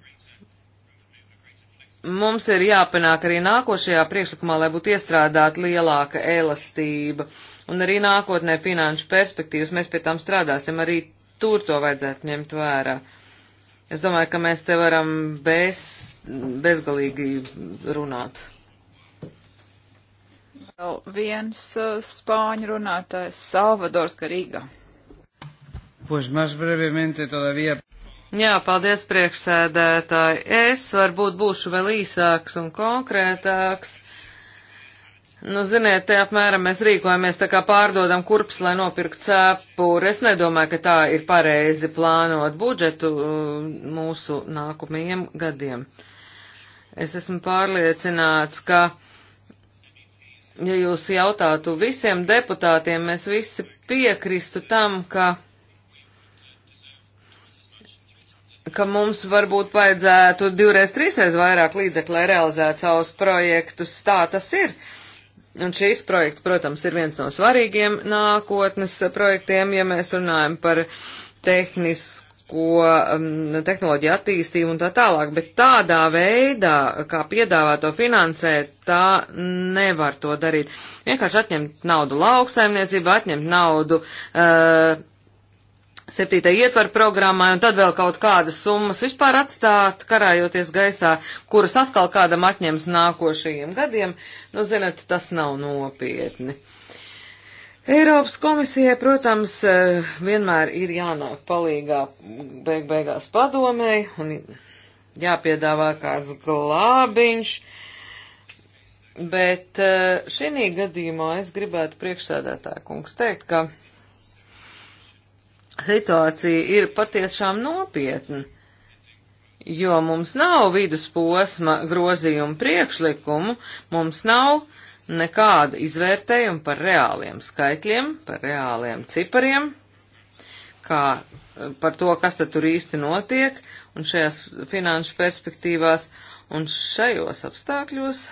mums ir jāpanāk arī nākošajā priekšlikumā, lai būtu iestrādāta lielāka elastība. Un arī nākotnē finanšu perspektīvas mēs pie tām strādāsim, arī tur to vajadzētu ņemt vērā. Uh, Es domāju, ka mēs te varam bez, bezgalīgi runāt. Vēl viens uh, spāņu runātājs - Salvadors Garīga. Pues más brevemente todavía. Jā, paldies priekšsēdētāji. Es varbūt būšu vēl īsāks un konkrētāks. Nu, ziniet, te apmēram mēs rīkojamies tā kā pārdodam kurpes, lai nopirktu cēpuri. Es nedomāju, ka tā ir pareizi plānot budžetu um, mūsu nākamajiem gadiem. Es esmu pārliecināts, ka, ja jūs jautātu visiem deputātiem, mēs visi piekristu tam, ka, ka mums varbūt vajadzētu divreiz, trīsreiz vairāk līdzekļu, lai realizētu savus projektus. Tā tas ir. Uh, Un šīs projekts, protams, ir viens no svarīgiem nākotnes projektiem, ja mēs runājam par tehnisko um, tehnoloģiju attīstību un tā tālāk, bet tādā veidā, kā piedāvā to finansēt, tā nevar to darīt. Vienkārši atņemt naudu lauksaimniecību, atņemt naudu uh, septītai ietvaru programmai un tad vēl kaut kādas summas vispār atstāt karājoties gaisā, kuras atkal kādam atņems nākošajiem gadiem, nu, zinat, tas nav nopietni. Eiropas komisijai, protams, eh, vienmēr ir jānāk palīgā beig beigās padomēji un jāpiedāvā kāds glābiņš, bet eh, šī gadījumā es gribētu priekšsēdētāju kungs teikt, ka situācija ir patiešām nopietna, jo mums nav vidusposma grozījumu priekšlikumu, mums nav nekāda izvērtējuma par reāliem skaitļiem, par reāliem cipariem, kā par to, kas tad tur īsti notiek, un šajās finanšu perspektīvās, un šajos apstākļos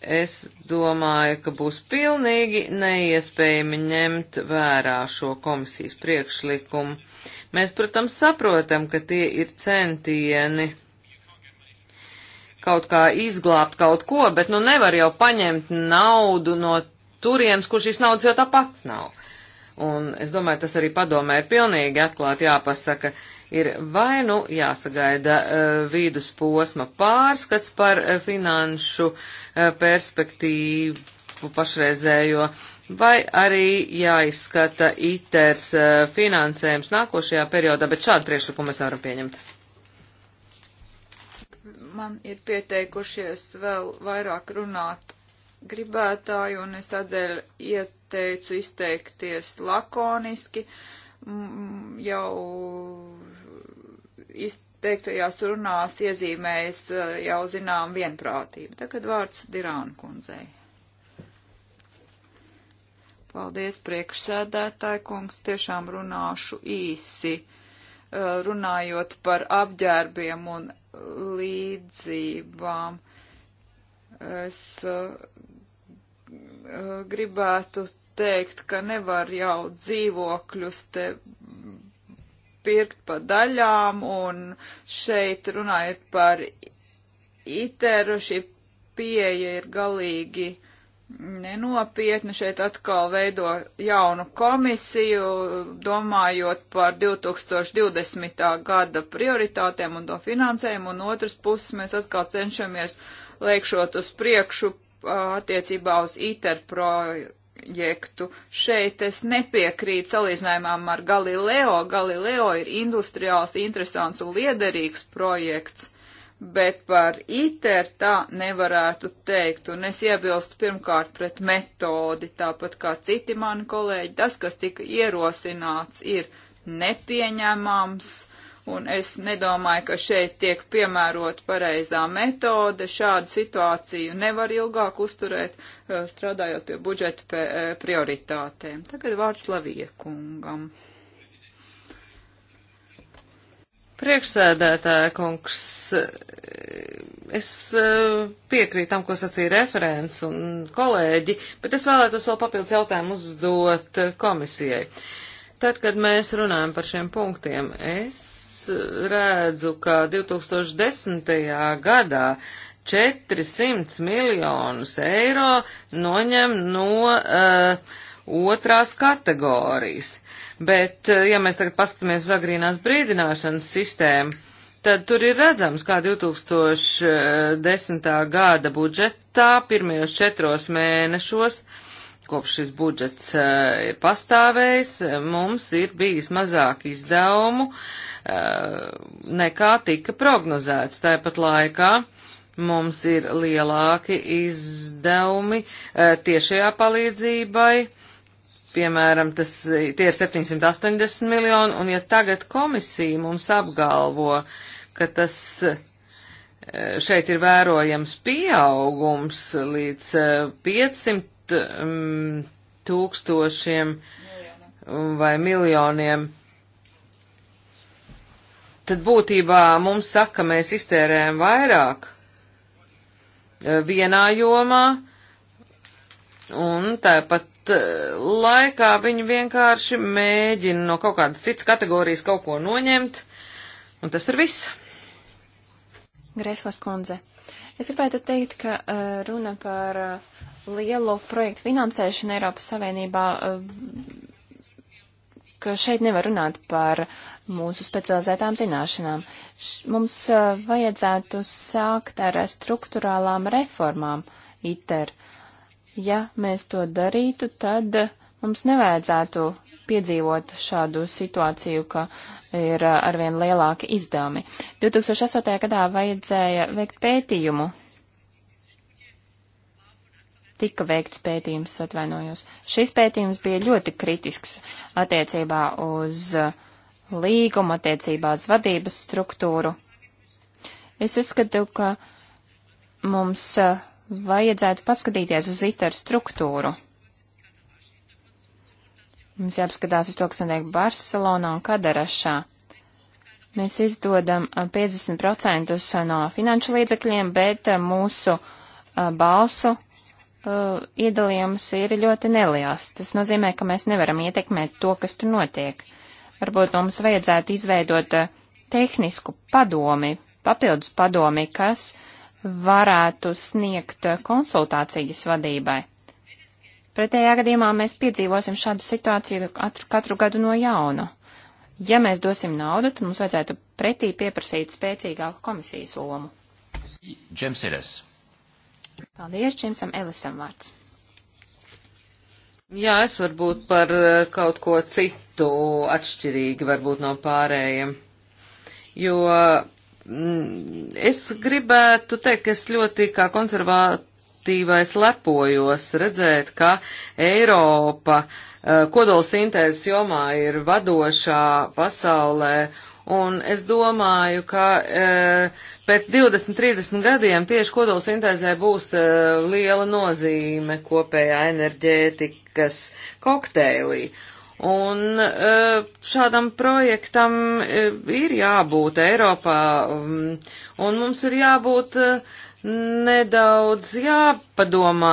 Es domāju, ka būs pilnīgi neiespējami ņemt vērā šo komisijas priekšlikumu. Mēs, protams, saprotam, ka tie ir centieni kaut kā izglābt kaut ko, bet nu nevar jau paņemt naudu no turienes, kur šīs naudas jau tāpat nav. Un es domāju, tas arī padomē ir pilnīgi atklāti jāpasaka, ir vai nu jāsagaida eh, vidusposma pārskats par eh, finanšu eh, perspektīvu pašreizējo, vai arī jāizskata ITERS finansējums nākošajā periodā, bet šādu priekšlikumu mēs nevaram pieņemt. Man ir pieteikušies vēl vairāk runāt gribētāji, un es tādēļ ieteicu izteikties lakoniski. Jau izteiktajās runās iezīmējas eh, jau zinām vienprātību. Tagad vārds Dirāna kundzei. Paldies, priekšsēdētāji kungs, tiešām runāšu īsi, eh, runājot par apģērbiem un līdzībām. Es eh, gribētu teikt, ka nevar jau dzīvokļus te pirkt pa daļām, un šeit runājot par iteru, šī pieeja ir galīgi nenopietni. Šeit atkal veido jaunu komisiju, domājot par 2020. gada prioritātēm un to finansējumu, un otrs puses mēs atkal cenšamies lēkšot uz priekšu attiecībā uz ITER projektu projektu. Šeit es nepiekrītu salīdzinājumam ar Galileo. Galileo ir industriāls, interesants un liederīgs projekts, bet par ITER tā nevarētu teikt. Un es iebilstu pirmkārt pret metodi, tāpat kā citi mani kolēģi. Tas, kas tika ierosināts, ir nepieņemams un es nedomāju, ka šeit tiek piemērot pareizā metode. Šādu situāciju nevar ilgāk uzturēt, eh, strādājot pie budžeta eh, prioritātēm. Tagad vārds Laviekungam. Priekšsēdētāja kungs, eh, es piekrītu tam, ko sacīja referents un kolēģi, bet es vēlētos vēl papildus jautājumu uzdot komisijai. Tad, kad mēs runājam par šiem punktiem, es redzu, ka 2010. gadā 400 miljonus eiro noņem no uh, otrās kategorijas. Bet, uh, ja mēs tagad paskatāmies uz agrīnās brīdināšanas sistēmu, tad tur ir redzams, kā 2010. gada budžetā pirmajos četros mēnešos uh, kopš šis budžets eh, ir pastāvējis, mums ir bijis mazāk izdevumu eh, nekā tika prognozēts. Tāpat laikā mums ir lielāki izdevumi eh, tiešajā palīdzībai. Piemēram, tas, tie ir 780 miljoni, un ja tagad komisija mums apgalvo, ka tas šeit ir vērojams pieaugums līdz 500 um, tūkstošiem vai miljoniem, tad būtībā mums saka, mēs iztērējam vairāk uh, vienā jomā, un tāpat uh, laikā viņi vienkārši mēģina no kaut kādas citas kategorijas kaut ko noņemt, un tas ir viss. Greslas kundze, Es gribētu teikt, ka eh, runa par eh, lielu projektu finansēšanu Eiropas Savienībā, eh, ka šeit nevar runāt par mūsu specializētām zināšanām. Mums vajadzētu sākt ar struktūrālām reformām ITER. Ja mēs to darītu, tad mums nevajadzētu piedzīvot šādu situāciju, ka uh, ir uh, arvien lielāki izdevumi. 2008. gadā vajadzēja veikt pētījumu. Tika veikts pētījums, atvainojos. Šis pētījums bija ļoti kritisks attiecībā uz līgumu, attiecībā uz vadības struktūru. Es uzskatu, ka mums uh, vajadzētu paskatīties uz ITER struktūru. Mums jāapskatās uz to, kas notiek Barcelonā un Kadarašā. Mēs izdodam 50% no finanšu līdzekļiem, bet mūsu balsu iedalījums ir ļoti neliels. Tas nozīmē, ka mēs nevaram ietekmēt to, kas tur notiek. Varbūt mums vajadzētu izveidot tehnisku padomi, papildus padomi, kas varētu sniegt konsultācijas vadībai. Pretējā gadījumā mēs piedzīvosim šādu situāciju katru, katru gadu no jauna. Ja mēs dosim naudu, tad mums vajadzētu pretī pieprasīt spēcīgāku komisijas lomu. Džems Ellis. Paldies, Džemsam Ellisam vārds. Jā, es varbūt par eh, kaut ko citu atšķirīgi varbūt no pārējiem. Jo mm, es gribētu teikt, ka es ļoti kā konservāt pozitīvais lepojos redzēt, ka Eiropa eh, kodolsintēzes jomā ir vadošā pasaulē, un es domāju, ka eh, pēc 20, 30 gadiem tieši kodolsintēzē būs eh, liela nozīme kopējā enerģētikas kokteilī. Un šādam projektam ir jābūt Eiropā, mm, un mums ir jābūt uh, nedaudz jāpadomā,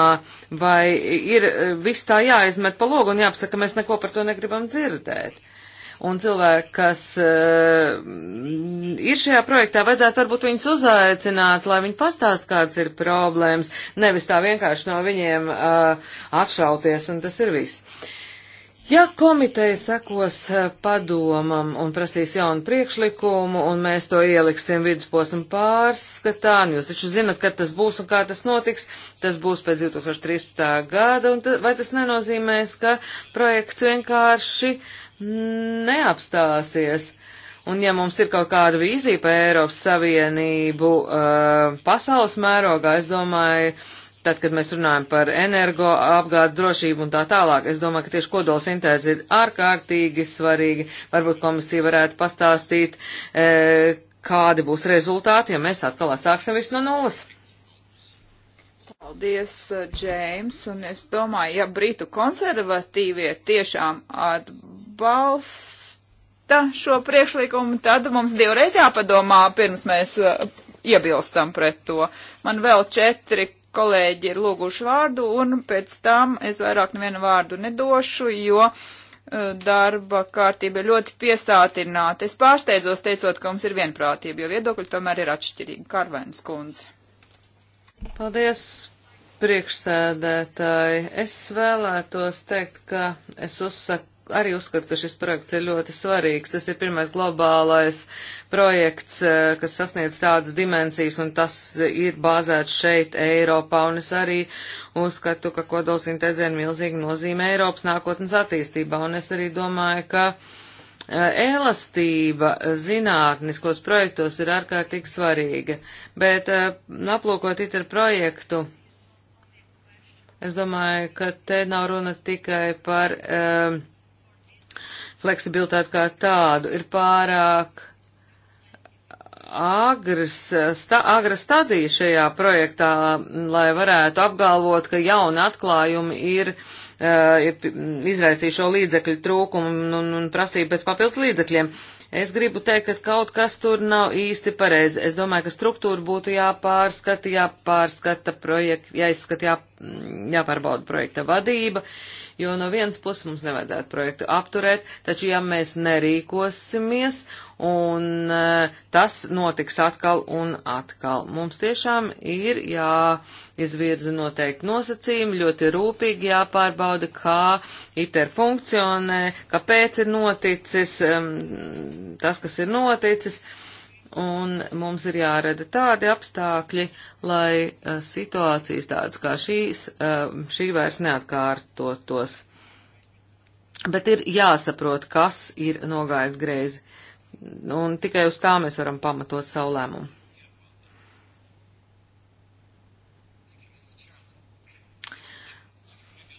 vai ir viss tā jāizmet pa logu un jāpasaka, mēs neko par to negribam dzirdēt. Un cilvēki, kas uh, ir šajā projektā, vajadzētu varbūt viņus uzaicināt, lai viņi pastāst, kādas ir problēmas, nevis tā vienkārši no viņiem uh, atšauties, un tas ir viss. Uh, Ja komiteja sekos eh, padomam un prasīs jaunu priekšlikumu, un mēs to ieliksim vidusposmu pārskatā, un jūs taču zinat, kad tas būs un kā tas notiks, tas būs pēc 2013. gada, un vai tas nenozīmēs, ka projekts vienkārši neapstāsies? Un ja mums ir kaut kāda vīzija par Eiropas Savienību uh, pasaules mērogā, es domāju, uh, tad, kad mēs runājam par energo apgādes drošību un tā tālāk, es domāju, ka tieši kodola sintēze ir ārkārtīgi svarīga. Varbūt komisija varētu pastāstīt, e, kādi būs rezultāti, ja mēs atkal atsāksim visu no nulles. Paldies, e, Džeims, un es domāju, ja Britu konservatīvie tiešām atbalsta šo priekšlikumu, tad mums divreiz jāpadomā, pirms mēs e, iebilstam pret to. Man vēl četri kolēģi ir lūguši vārdu, un pēc tam es vairāk nevienu vārdu nedošu, jo eh, darba kārtība ir ļoti piesātināta. Es pārsteidzos teicot, ka mums ir vienprātība, jo viedokļi tomēr ir atšķirīgi. Karvens kundze. Paldies, priekšsēdētāji. Es vēlētos teikt, ka es uzsaku arī uzskatu, ka šis projekts ir ļoti svarīgs. Tas ir pirmais globālais projekts, eh, kas sasniedz tādas dimensijas, un tas ir bāzēts šeit, Eiropā. Un es arī uzskatu, ka kodolsintēzē ir milzīga nozīme Eiropas nākotnes attīstībā. Un es arī domāju, ka eh, elastība zinātniskos projektos ir ārkārtīgi svarīga. Bet eh, aplūkot ITER projektu. Es domāju, ka te nav runa tikai par uh, um, fleksibilitāti kā tādu ir pārāk agras, sta, agra stadija šajā projektā, lai varētu apgalvot, ka jauni atklājumi ir, uh, ir izraisījušo līdzekļu trūkumu un, un, un prasību pēc papildus līdzekļiem. Es gribu teikt, ka kaut kas tur nav īsti pareizi. Es domāju, ka struktūra būtu jāpārskata, jāpārskata projekti, jāizskata, jāpārskata Mm, jāpārbauda projekta vadība, jo no vienas puses mums nevajadzētu projektu apturēt, taču ja mēs nerīkosimies, un eh, tas notiks atkal un atkal. Mums tiešām ir jāizvirza noteikti nosacījumi, ļoti rūpīgi jāpārbauda, kā ITER funkcionē, kāpēc ir noticis tas, kas ir noticis. Um, un mums ir jārada tādi apstākļi, lai uh, situācijas tādas kā šīs, uh, šī vairs neatkārtotos. Bet ir jāsaprot, kas ir nogājis greizi, un tikai uz tā mēs varam pamatot savu lēmumu.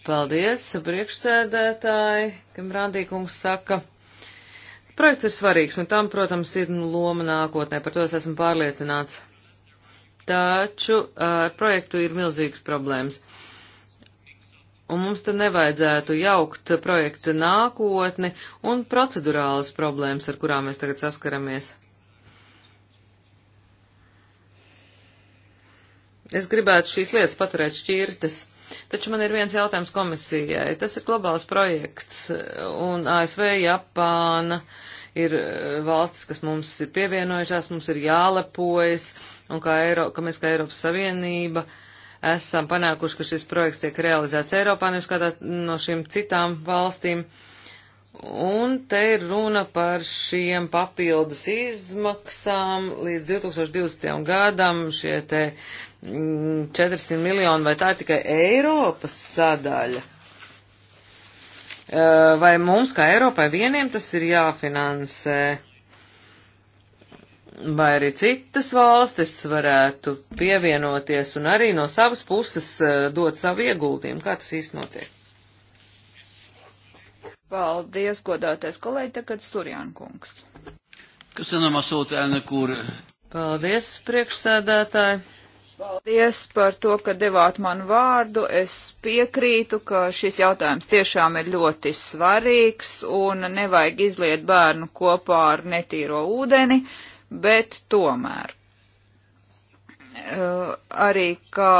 Paldies, priekšsēdētāji, kam Randīkungs saka. Projekts ir svarīgs, un tam, protams, ir nu, loma nākotnē, par to es esmu pārliecināts. Taču ar projektu ir milzīgas problēmas. Un mums te nevajadzētu jaukt projekta nākotni un procedurālas problēmas, ar kurām mēs tagad saskaramies. Es gribētu šīs lietas paturēt šķirtas. Taču man ir viens jautājums komisijai. Tas ir globāls projekts, un ASV, Japāna ir eh, valstis, kas mums ir pievienojušās, mums ir jālepojas, un kā Eiro, ka mēs kā Eiropas Savienība esam panākuši, ka šis projekts tiek realizēts Eiropā, nevis kādā no šīm citām valstīm. Un te ir runa par šiem papildus izmaksām līdz 2020. gadam, šie te 400 mm, miljoni, vai tā ir tikai Eiropas sadaļa? Eh, vai mums, kā Eiropai, vieniem tas ir jāfinansē? Vai arī citas valstis varētu pievienoties un arī no savas puses eh, dot savu ieguldījumu? Kā tas īsti notiek? Paldies, godātais kolēģi, tagad Surjan kungs. Köszönöm a szót, elnök úr. Paldies, priekšsēdētāji. Paldies par to, ka devāt man vārdu. Es piekrītu, ka šis jautājums tiešām ir ļoti svarīgs un nevajag izliet bērnu kopā ar netīro ūdeni, bet tomēr. Uh, arī kā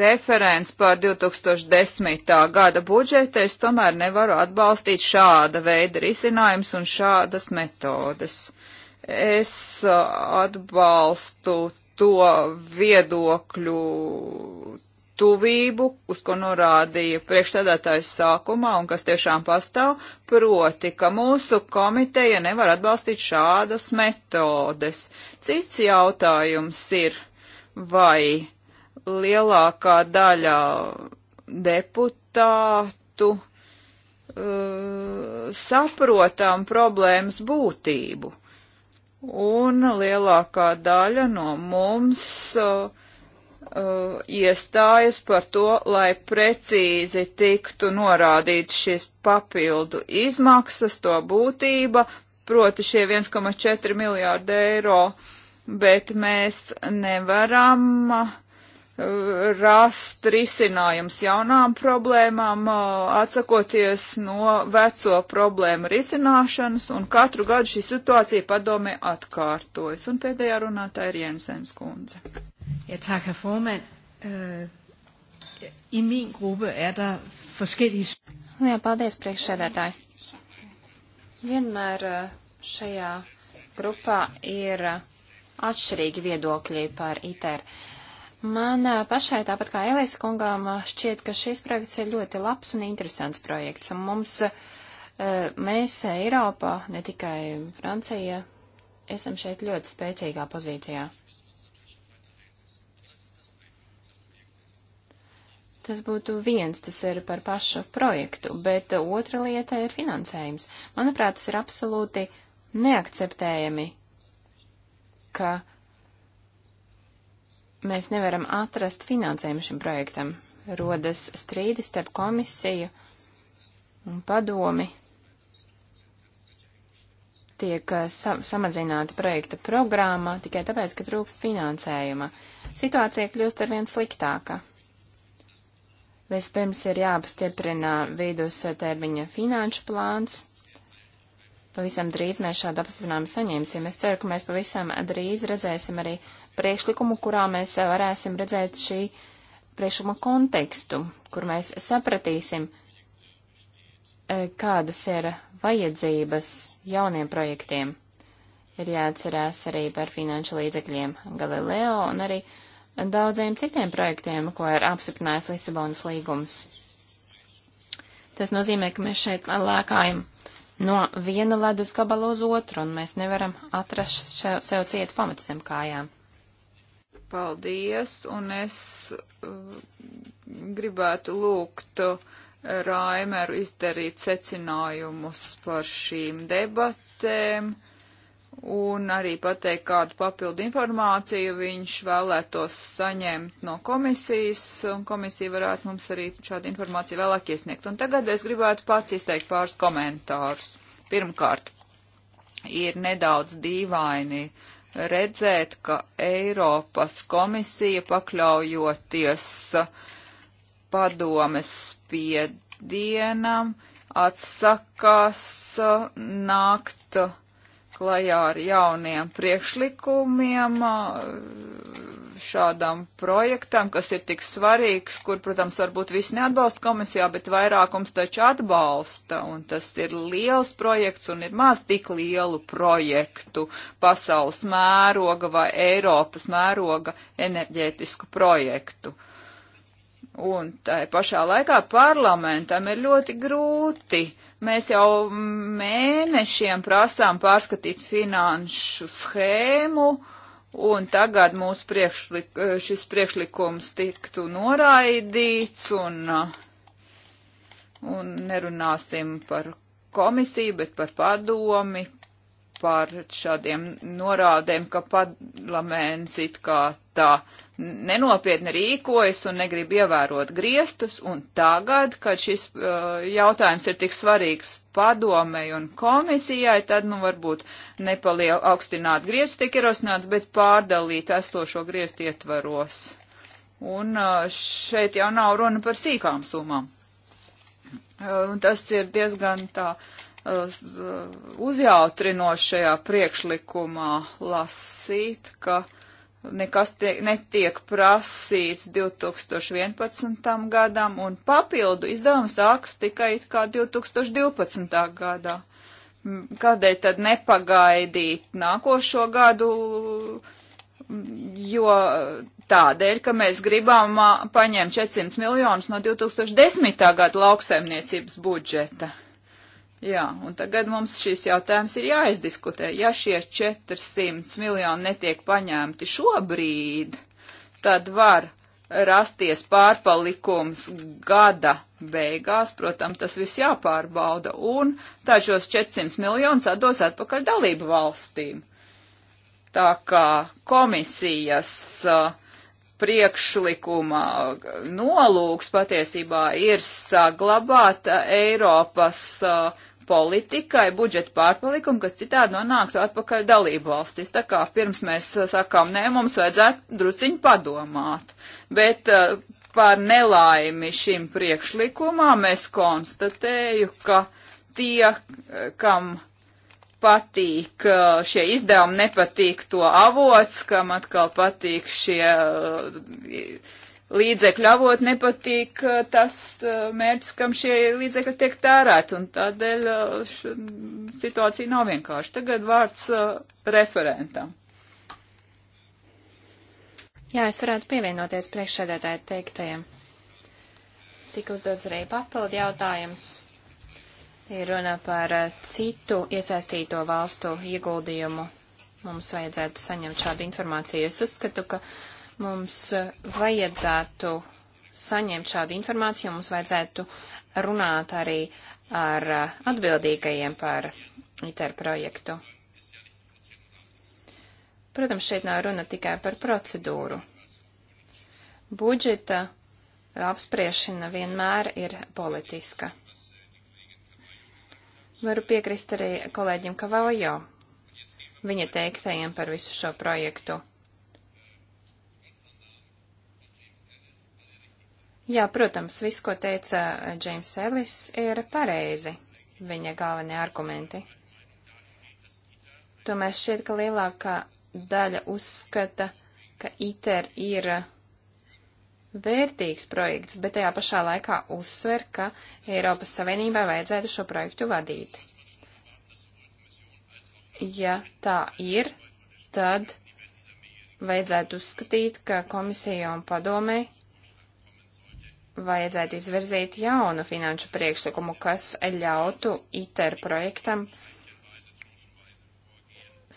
referents par 2010. gada budžetu es tomēr nevaru atbalstīt šāda veida risinājums un šādas metodes. Es eh, atbalstu to viedokļu tuvību, uz ko norādīja priekšsēdētājs sākumā un kas tiešām pastāv, proti, ka mūsu komiteja nevar atbalstīt šādas metodes. Cits jautājums ir, vai lielākā daļa deputātu uh, saprotam problēmas būtību un lielākā daļa no mums uh, uh, iestājas par to, lai precīzi tiktu norādīts šīs papildu izmaksas, to būtība, proti šie 1,4 miljārdi eiro, bet mēs nevaram uh, rast risinājums jaunām problēmām, atsakoties no veco problēmu risināšanas, un katru gadu šī situācija padomē atkārtojas. Un pēdējā runātā ir Jensens kundze. Ja, tak, herr formand. Uh, I min gruppe er der forskellige... Jā, paldies, priekšsēdētāji. Vienmēr šajā grupā ir atšķirīgi viedokļi par ITER. Uh, Man pašai, tāpat kā Elisa kungām, šķiet, ka šis projekts ir ļoti labs un interesants projekts. Un mums, mēs Eiropā, ne tikai Francija, esam šeit ļoti spēcīgā pozīcijā. Tas būtu viens, tas ir par pašu projektu, bet otra lieta ir finansējums. Manuprāt, tas ir absolūti neakceptējami, ka uh, mēs nevaram atrast finansējumu šim projektam. Rodas strīdi starp komisiju un padomi. Tiek eh, sa samazināta projekta programma tikai tāpēc, ka trūkst finansējuma. Situācija kļūst arvien sliktāka. Vispirms ir jāpastiprina vidus termiņa finanšu plāns. Pavisam drīz mēs šādu apstiprinājumu saņemsim. Es ceru, ka mēs pavisam drīz redzēsim arī uh, priekšlikumu, kurā mēs eh, varēsim redzēt šī priekšlikuma kontekstu, kur mēs sapratīsim, eh, kādas ir vajadzības jauniem projektiem. Ir jāatcerās arī par finanšu līdzekļiem Galileo un arī daudziem citiem projektiem, ko ir apsiprinājis Lisabonas līgums. Tas nozīmē, ka mēs šeit lēkājam no viena ledus gabala uz otru, un mēs nevaram atrast še, sev cietu pamatu zem kājām. Paldies, un es uh, gribētu lūgt uh, Raimeru izdarīt secinājumus par šīm debatēm un arī pateikt, kādu papildu informāciju viņš vēlētos saņemt no komisijas, un komisija varētu mums arī šādu informāciju vēlāk iesniegt. Un tagad es gribētu pats izteikt pāris komentārus. Pirmkārt, ir nedaudz dīvaini uh, redzēt, ka Eiropas komisija pakļaujoties padomes spiedienam atsakās uh, nākt klajā ar jauniem priekšlikumiem šādam projektam, kas ir tik svarīgs, kur, protams, varbūt visi neatbalsta komisijā, bet vairākums taču atbalsta, un tas ir liels projekts un ir maz tik lielu projektu pasaules mēroga vai Eiropas mēroga enerģētisku projektu. Un tai pašā laikā parlamentam ir ļoti grūti uh, Mēs jau mēnešiem prasām pārskatīt finanšu schēmu, un tagad mūsu priekšlik, šis priekšlikums tiktu noraidīts, un, un nerunāsim par komisiju, bet par padomi, par šādiem norādēm, ka parlaments it kā tā nenopietni rīkojas un negrib ievērot griestus, un tagad, kad šis uh, jautājums ir tik svarīgs padomei un komisijai, tad, nu, varbūt nepalielu augstināt griestu tik ierosināts, bet pārdalīt esošo griestu ietvaros. Un uh, šeit jau nav runa par sīkām summām. Uh, un tas ir diezgan tā. Uh, Eh, uzjautrinošajā priekšlikumā lasīt, ka nekas tiek, netiek prasīts 2011. gadam, un papildu izdevums sāks tikai it kā 2012. gadā. Kādēļ tad nepagaidīt nākošo gadu, jo tādēļ, ka mēs gribam paņemt 400 miljonus no 2010. gada lauksaimniecības budžeta. Jā, un tagad mums šis jautājums ir jāizdiskutē. Ja šie 400 miljoni netiek paņemti šobrīd, tad var rasties pārpalikums gada beigās, protams, tas viss jāpārbauda, un tā šos 400 miljonus atdos atpakaļ dalību valstīm. Tā kā komisijas uh, priekšlikuma uh, nolūks patiesībā ir saglabāt uh, Eiropas uh, politikai budžeta pārpalikumu, kas citādi nonāktu atpakaļ dalību valstīs. Tā kā pirms mēs uh, sakām, nē, mums vajadzētu drusciņi padomāt. Bet uh, par nelaimi šim priekšlikumam es konstatēju, ka tie, uh, kam patīk uh, šie izdevumi, nepatīk to avots, kam atkal patīk šie uh, līdzekļu avot nepatīk tas uh, mērķis, kam šie līdzekļi tiek tērēti, un tādēļ uh, situācija nav vienkārši. Tagad vārds uh, referentam. Jā, es varētu pievienoties priekšsēdētāju teiktajiem. Tika uzdots arī papildu jautājums. Ir runa par citu iesaistīto valstu ieguldījumu. Mums vajadzētu saņemt šādu informāciju. Es uzskatu, ka uh, Mums eh, vajadzētu saņemt šādu informāciju, mums vajadzētu runāt arī ar eh, atbildīgajiem par ITER projektu. Protams, šeit nav runa tikai par procedūru. Budžeta apspriešana vienmēr ir politiska. Varu piekrist arī kolēģim Kavaljo, viņa teiktajiem par visu šo projektu. Jā, protams, viss, ko teica Džeims eh, Ellis, ir pareizi, viņa galvenie argumenti. Tomēr šķiet, ka lielākā daļa uzskata, ka ITER ir vērtīgs projekts, bet tajā pašā laikā uzsver, ka Eiropas Savienībai vajadzētu šo projektu vadīt. Ja tā ir, tad vajadzētu uzskatīt, ka komisija un padomē vajadzētu izvirzīt jaunu finanšu priekšlikumu, kas ļautu ITER projektam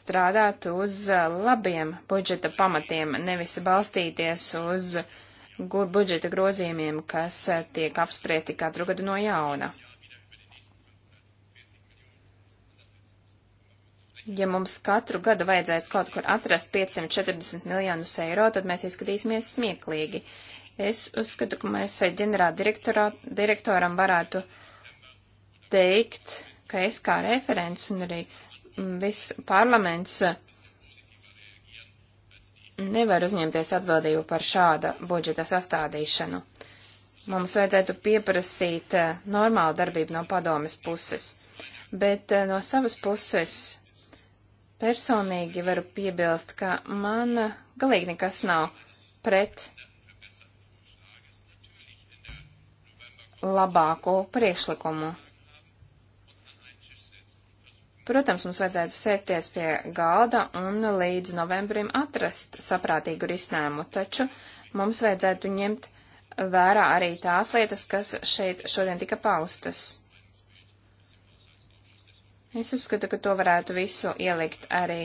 strādāt uz labiem budžeta pamatiem, nevis balstīties uz budžeta grozījumiem, kas tiek apspriesti katru gadu no jauna. Ja mums katru gadu vajadzēs kaut kur atrast 540 miljonus eiro, tad mēs izskatīsimies smieklīgi. Es uzskatu, ka mēs ģenerāldirektoram varētu teikt, ka es kā referents un arī mm, viss parlaments mm, nevar uzņemties atbildību par šāda budžeta sastādīšanu. Mums vajadzētu pieprasīt eh, normālu darbību no padomes puses, bet eh, no savas puses personīgi varu piebilst, ka man galīgi nekas nav pret labāku priekšlikumu. Protams, mums vajadzētu sēsties pie galda un līdz novembrim atrast saprātīgu risinājumu, taču mums vajadzētu ņemt vērā arī tās lietas, kas šeit šodien tika paustas. Es uzskatu, ka to varētu visu ielikt arī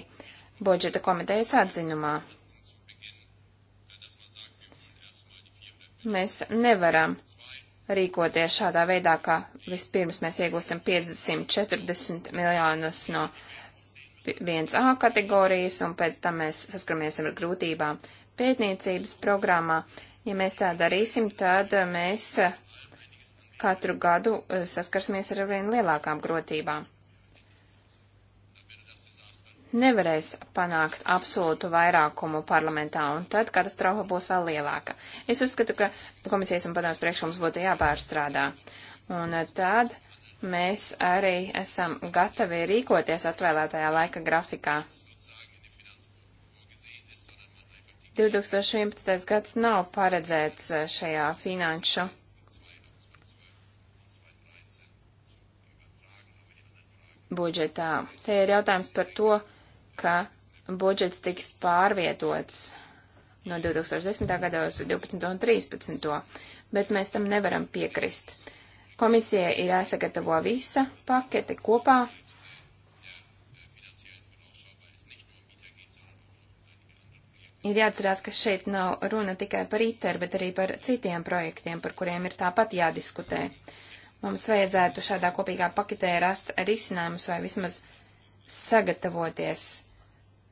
budžeta komitejas atzinumā. Mēs nevaram rīkoties šādā veidā, ka vispirms mēs iegūstam 540 miljonus no 1A kategorijas, un pēc tam mēs saskaramies ar grūtībām pētniecības programmā. Ja mēs tā darīsim, tad mēs katru gadu eh, saskarsimies ar vien lielākām grūtībām nevarēs panākt absolūtu vairākumu parlamentā, un tad katastrofa būs vēl lielāka. Es uzskatu, ka komisijas un padomus priekšlikums būtu jāpārstrādā. Un eh, tad mēs arī esam gatavi rīkoties atvēlētajā laika grafikā. 2011. gads nav paredzēts eh, šajā finanšu budžetā. Te ir jautājums par to, ka budžets tiks pārvietots no 2010. gada uz 12. un 13. bet mēs tam nevaram piekrist. Komisija ir jāsagatavo visa pakete kopā. Ir jāatcerās, ka šeit nav runa tikai par ITER, bet arī par citiem projektiem, par kuriem ir tāpat jādiskutē. Mums vajadzētu šādā kopīgā paketē rast risinājumus vai vismaz sagatavoties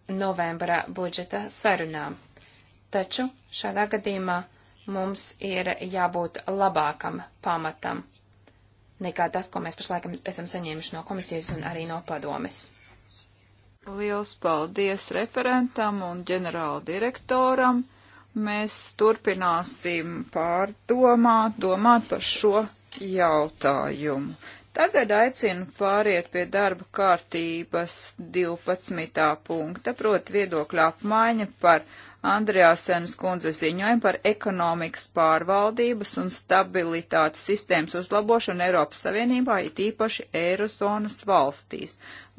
novembra budžeta sarunām. Taču šādā gadījumā mums ir jābūt labākam pamatam nekā tas, ko mēs pašlaik esam saņēmuši no komisijas un arī no padomes. Liels paldies referentam un ģenerāla direktoram. Mēs turpināsim pārdomāt, domāt par šo jautājumu. Tagad aicinu pāriet pie darba kārtības 12. punkta, proti viedokļa apmaiņa par Andrejāsenas kundze ziņojumu par ekonomikas pārvaldības un stabilitātes sistēmas uzlabošanu Eiropas Savienībā, it īpaši Eirozonas valstīs.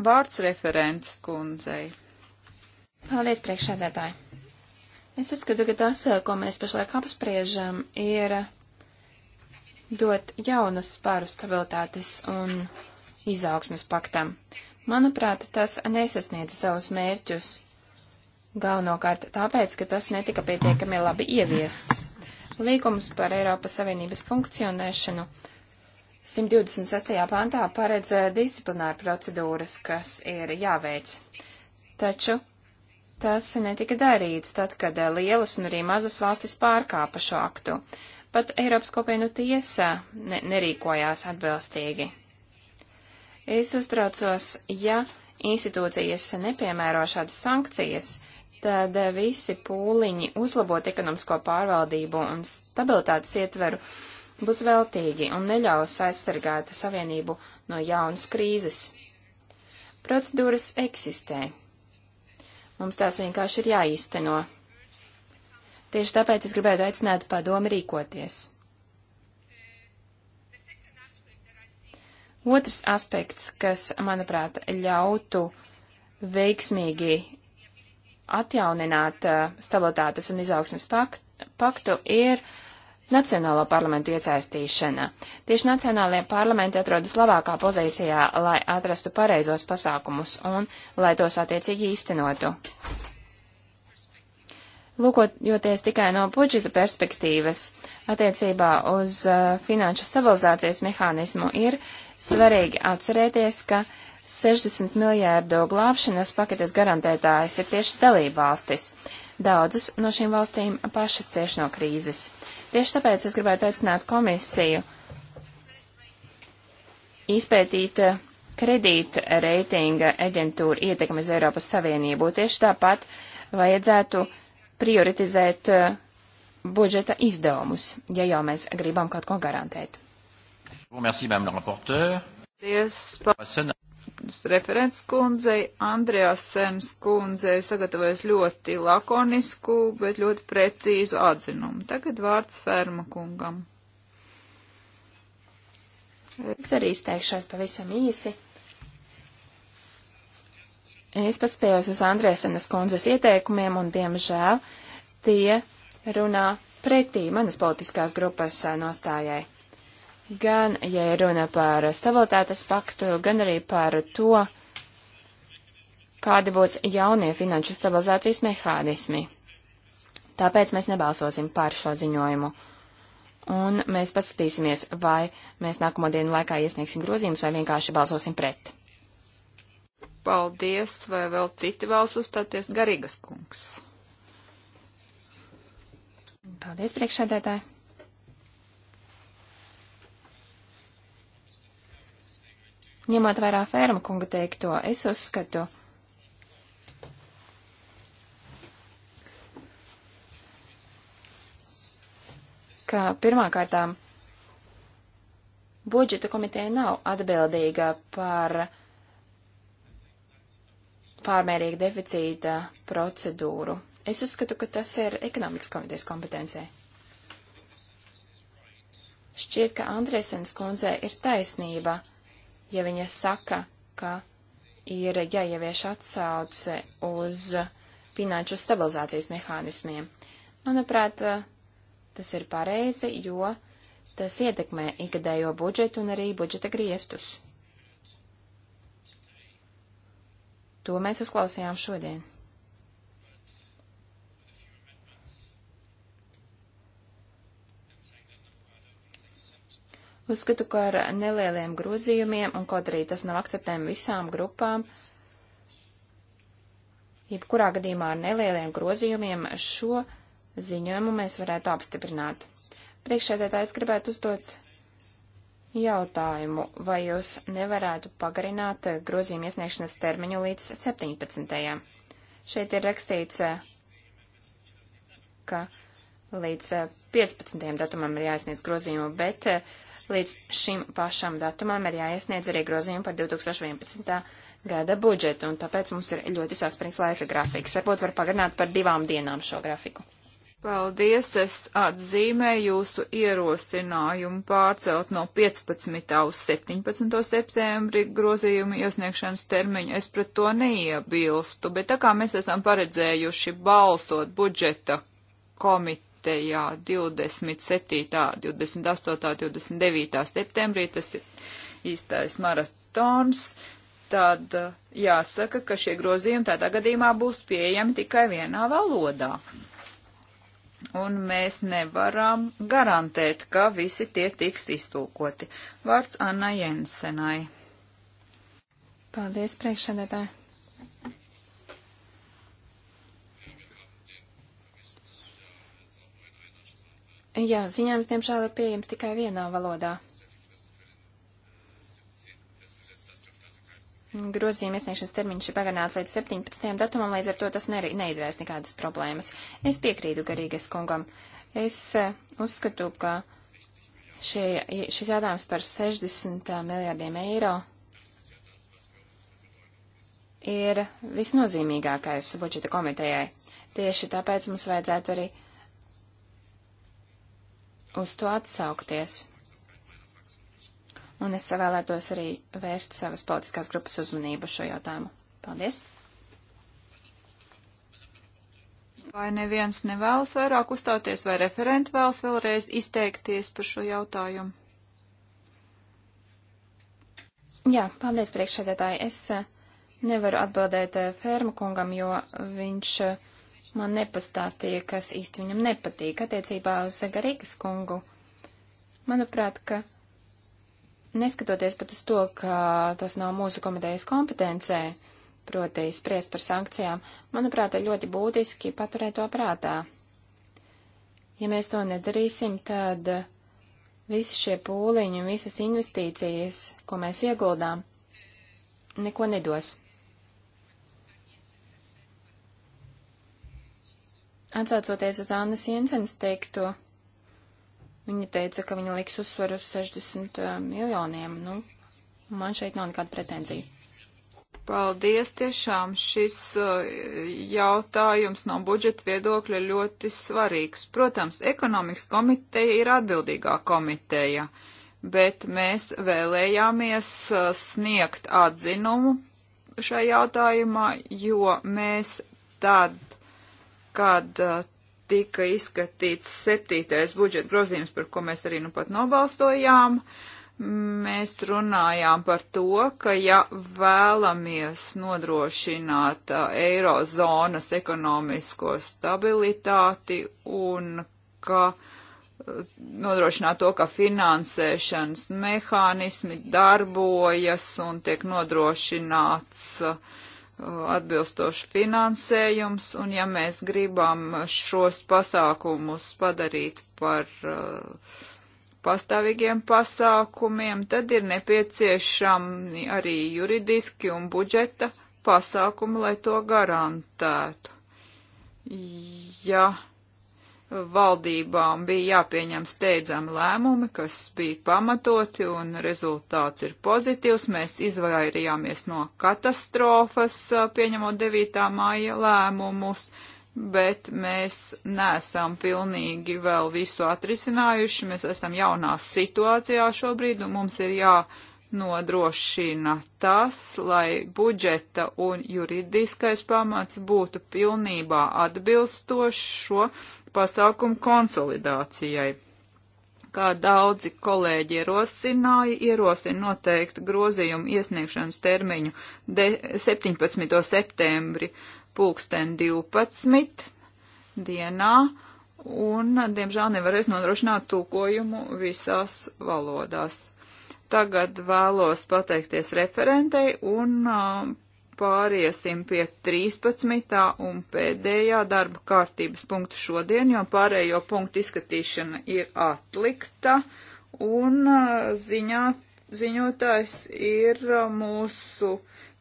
Vārds referentes kundzei. Paldies, priekšsēdētāji. Es uzskatu, ka tas, ko mēs pašlaik apspriežam, ir dot jaunas spāru stabilitātes un izaugsmes paktam. Manuprāt, tas nesasniedz savus mērķus, galvenokārt tāpēc, ka tas netika pietiekami labi ieviests. Līgums par Eiropas Savienības funkcionēšanu 126. pantā paredz eh, disciplināru procedūras, kas ir jāveic. Taču tas netika darīts tad, kad eh, lielas un arī mazas valstis pārkāpa šo aktu. Pat Eiropas kopienu tiesā ne, nerīkojās atbilstīgi. Es uztraucos, ja institūcijas nepiemēro šādas sankcijas, tad visi pūliņi uzlabot ekonomisko pārvaldību un stabilitātes ietveru būs veltīgi un neļaus aizsargāt savienību no jaunas krīzes. Procedūras eksistē. Mums tās vienkārši ir jāīsteno. Tieši tāpēc es gribētu aicināt padomi rīkoties. Otrs aspekts, kas, manuprāt, ļautu veiksmīgi atjaunināt uh, stabilitātes un izaugsmes paktu, ir Nacionālo parlamentu iesaistīšana. Tieši nacionālajie parlamenti atrodas labākā pozīcijā, lai atrastu pareizos pasākumus un lai tos attiecīgi īstenotu. Lūkojoties tikai no budžeta perspektīvas attiecībā uz uh, finanšu stabilizācijas mehānismu, ir svarīgi atcerēties, ka 60 miljārdu glābšanas paketes garantētājs ir tieši dalībvalstis. Daudzas no šīm valstīm pašas cieš no krīzes. Tieši tāpēc es gribētu aicināt komisiju izpētīt uh, kredīta reitinga aģentūra ietekmes Eiropas Savienību. Tieši tāpat vajadzētu uh, prioritizēt eh, budžeta izdevumus, ja jau mēs gribam kaut ko garantēt. Merci, madame la rapporteure. Paldies, paldies referents kundzei. Andreasens kundzei sagatavojas ļoti lakonisku, bet ļoti precīzu atzinumu. Tagad vārds Ferma kungam. Es arī izteikšos pavisam īsi. Es paskatījos uz Andrēsenas kundzes ieteikumiem, un, diemžēl, tie runā pretī manas politiskās grupas nostājai. Gan, ja runa par stabilitātes paktu, gan arī par to, kādi būs jaunie finanšu stabilizācijas mehānismi. Tāpēc mēs nebalsosim par šo ziņojumu. Un mēs paskatīsimies, vai mēs nākamo dienu laikā iesniegsim grozījumus, vai vienkārši balsosim pret. Paldies, vai vēl citi vēlas uzstāties? Garīgas kungs. Paldies, priekšsēdētāji. Ņemot vērā Fērma kunga teikto, es uzskatu, ka pirmkārtām budžeta komiteja nav atbildīga par pārmērīga deficīta procedūru. Es uzskatu, ka tas ir ekonomikas komitejas kompetencē. Šķiet, ka Andresens kundzei ir taisnība, ja viņa saka, ka ir jāievieš atsauce uz finanšu stabilizācijas mehānismiem. Manuprāt, tas ir pareizi, jo tas ietekmē ikgadējo budžetu un arī budžeta griestus. To mēs uzklausījām šodien. Uzskatu, ka ar nelieliem grozījumiem, un kaut arī tas nav akceptējami visām grupām, jebkurā gadījumā ar nelieliem grozījumiem šo ziņojumu mēs varētu apstiprināt. Priekšēdētājs gribētu uzdot jautājumu, vai jūs nevarētu pagarināt grozījuma iesniegšanas termiņu līdz 17. Šeit ir rakstīts, ka līdz 15. datumam ir jāiesniedz grozījumu, bet līdz šim pašam datumam ir jāiesniedz arī grozījumu par 2011. gada budžetu, un tāpēc mums ir ļoti saspringts laika grafiks. Varbūt var pagarināt par divām dienām šo grafiku. Paldies, es atzīmēju jūsu ierosinājumu pārcelt no 15. uz 17. septembri grozījumu iesniegšanas termiņu. Es pret to neiebilstu, bet tā kā mēs esam paredzējuši balsot budžeta komitejā 27., 28., 29. septembrī, tas ir īstais maratons, tad uh, jāsaka, ka šie grozījumi tādā gadījumā būs pieejami tikai vienā valodā un mēs nevaram garantēt, ka visi tie tiks iztulkoti. Vārds Anna Jensenai. Paldies, priekšsēdētāji. Jā, ziņojums diemžēl ir pieejams tikai vienā valodā, Grozījuma iesniegšanas termiņš ir pagarināts līdz 17. datumam, līdz ar to tas ne, neizrēs nekādas problēmas. Es piekrītu garīgas kungam. Es eh, uzskatu, ka šie, šis jādājums par 60 eh, miljārdiem eiro ir visnozīmīgākais budžeta komitejai. Tieši tāpēc mums vajadzētu arī uz to atsaukties un es vēlētos arī vērst savas politiskās grupas uzmanību šo jautājumu. Paldies! Vai neviens nevēlas vairāk uzstāties, vai referenti vēlas vēlreiz izteikties par šo jautājumu? Jā, paldies priekšsēdētāji. Es eh, nevaru atbildēt eh, fermu kungam, jo viņš eh, man nepastāstīja, kas īsti viņam nepatīk attiecībā uz Garīgas kungu. Manuprāt, ka neskatoties pat uz to, ka tas nav mūsu komitejas kompetencē, proti spriest par sankcijām, manuprāt, ir ļoti būtiski paturēt to prātā. Ja mēs to nedarīsim, tad visi šie pūliņi un visas investīcijas, ko mēs ieguldām, neko nedos. Atsaucoties uz Annas Jensenas teikto, Viņa teica, ka viņa liks uzsvaru uz 60 miljoniem. Nu, man šeit nav nekāda pretenzija. Paldies, tiešām šis eh, jautājums no budžeta viedokļa ļoti svarīgs. Protams, ekonomikas komiteja ir atbildīgā komiteja, bet mēs vēlējāmies eh, sniegt atzinumu šajā jautājumā, jo mēs tad, kad eh, tika izskatīts septītais budžeta grozījums, par ko mēs arī nu pat nobalstojām. Mēs runājām par to, ka ja vēlamies nodrošināt eirozonas ekonomisko stabilitāti un ka nodrošināt to, ka finansēšanas mehānismi darbojas un tiek nodrošināts uh, atbilstoši finansējums, un ja mēs gribam šos pasākumus padarīt par uh, pastāvīgiem pasākumiem, tad ir nepieciešami arī juridiski un budžeta pasākumi, lai to garantētu. Ja valdībām bija jāpieņem steidzami lēmumi, kas bija pamatoti un rezultāts ir pozitīvs. Mēs izvairījāmies no katastrofas, pieņemot 9. māja lēmumus, bet mēs nesam pilnīgi vēl visu atrisinājuši. Mēs esam jaunā situācijā šobrīd un mums ir jāpieņem nodrošina tas, lai budžeta un juridiskais pamats būtu pilnībā atbilstošs šo pasākumu konsolidācijai kā daudzi kolēģi ierosināja, ierosina noteikti grozījumu iesniegšanas termiņu 17. septembri pulksten 12 dienā, un, diemžēl, nevarēs nodrošināt tulkojumu visās valodās. Tagad vēlos pateikties referentei un uh, pāriesim pie 13. un pēdējā darba kārtības punkta šodien, jo pārējo punktu izskatīšana ir atlikta un uh, ziņā, ziņotājs ir uh, mūsu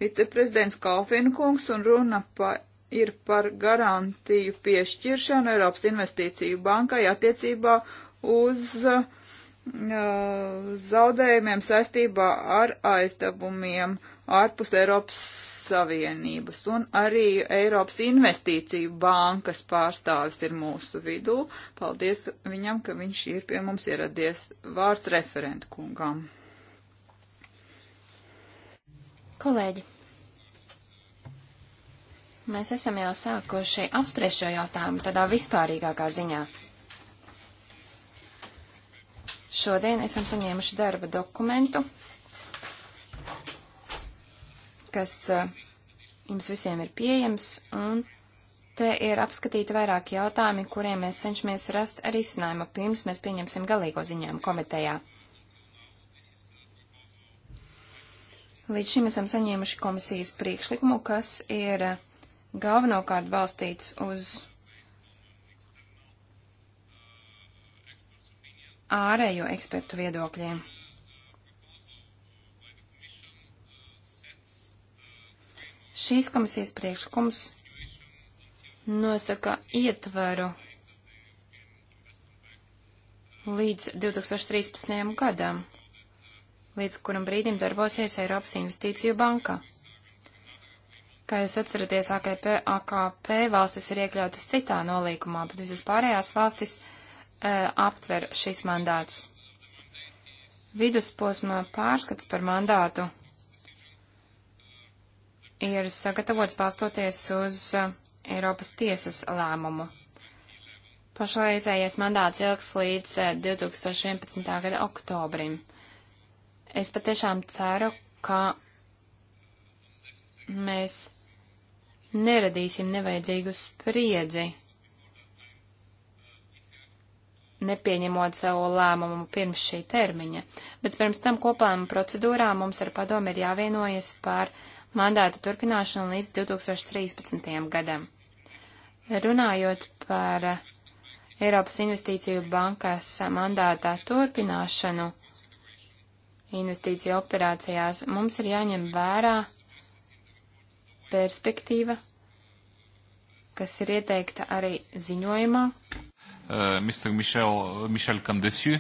viceprezidents Kalfinkungs un runa pa, ir par garantiju piešķiršanu Eiropas investīciju bankai attiecībā uz uh, zaudējumiem saistībā ar aizdevumiem ārpus Eiropas Savienības un arī Eiropas Investīciju bankas pārstāvis ir mūsu vidū. Paldies viņam, ka viņš ir pie mums ieradies vārds referentu kungam. Kolēģi, mēs esam jau sākuši apspriest šo jautājumu tādā vispārīgākā ziņā. Šodien esam saņēmuši darba dokumentu, kas eh, jums visiem ir pieejams, un te ir apskatīti vairāki jautājumi, kuriem mēs cenšamies rast risinājumu pirms mēs pieņemsim galīgo ziņojumu komitejā. Līdz šim esam saņēmuši komisijas priekšlikumu, kas ir eh, galvenokārt balstīts uz ārējo ekspertu viedokļiem. Šīs komisijas priekšlikums nosaka ietvaru līdz 2013. gadam, līdz kuram brīdim darbosies Eiropas Investīciju banka. Kā jūs atceraties, AKP, AKP valstis ir iekļautas citā nolīkumā, bet visas pārējās valstis E, aptver šis mandāts. Vidusposma pārskats par mandātu ir sagatavots balstoties uz e, Eiropas tiesas lēmumu. Pašreizējais mandāts ilgs līdz 2011. E, gada oktobrim. Es patiešām ceru, ka mēs neradīsim nevajadzīgu spriedzi nepieņemot savu lēmumu pirms šī termiņa, bet pirms tam koplēmu procedūrā mums ar padomu ir jāvienojas par mandāta turpināšanu līdz 2013. gadam. Runājot par Eiropas investīciju bankas mandātā turpināšanu investīciju operācijās, mums ir jāņem vērā perspektīva, kas ir ieteikta arī ziņojumā, Uh, Mr. Michel, uh, Michel Kandesiu.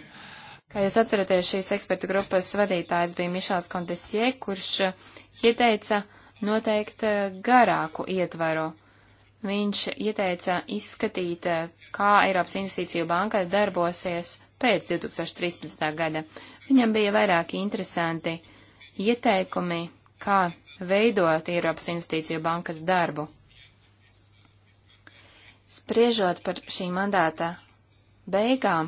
Kā jūs atceraties, šīs ekspertu grupas vadītājs bija Mišels Kondesie, kurš uh, ieteica noteikt garāku ietvaru. Viņš ieteica izskatīt, kā Eiropas investīciju banka darbosies pēc 2013. gada. Viņam bija vairāki interesanti ieteikumi, kā veidot Eiropas investīciju bankas darbu. Spriežot par šī mandāta beigām,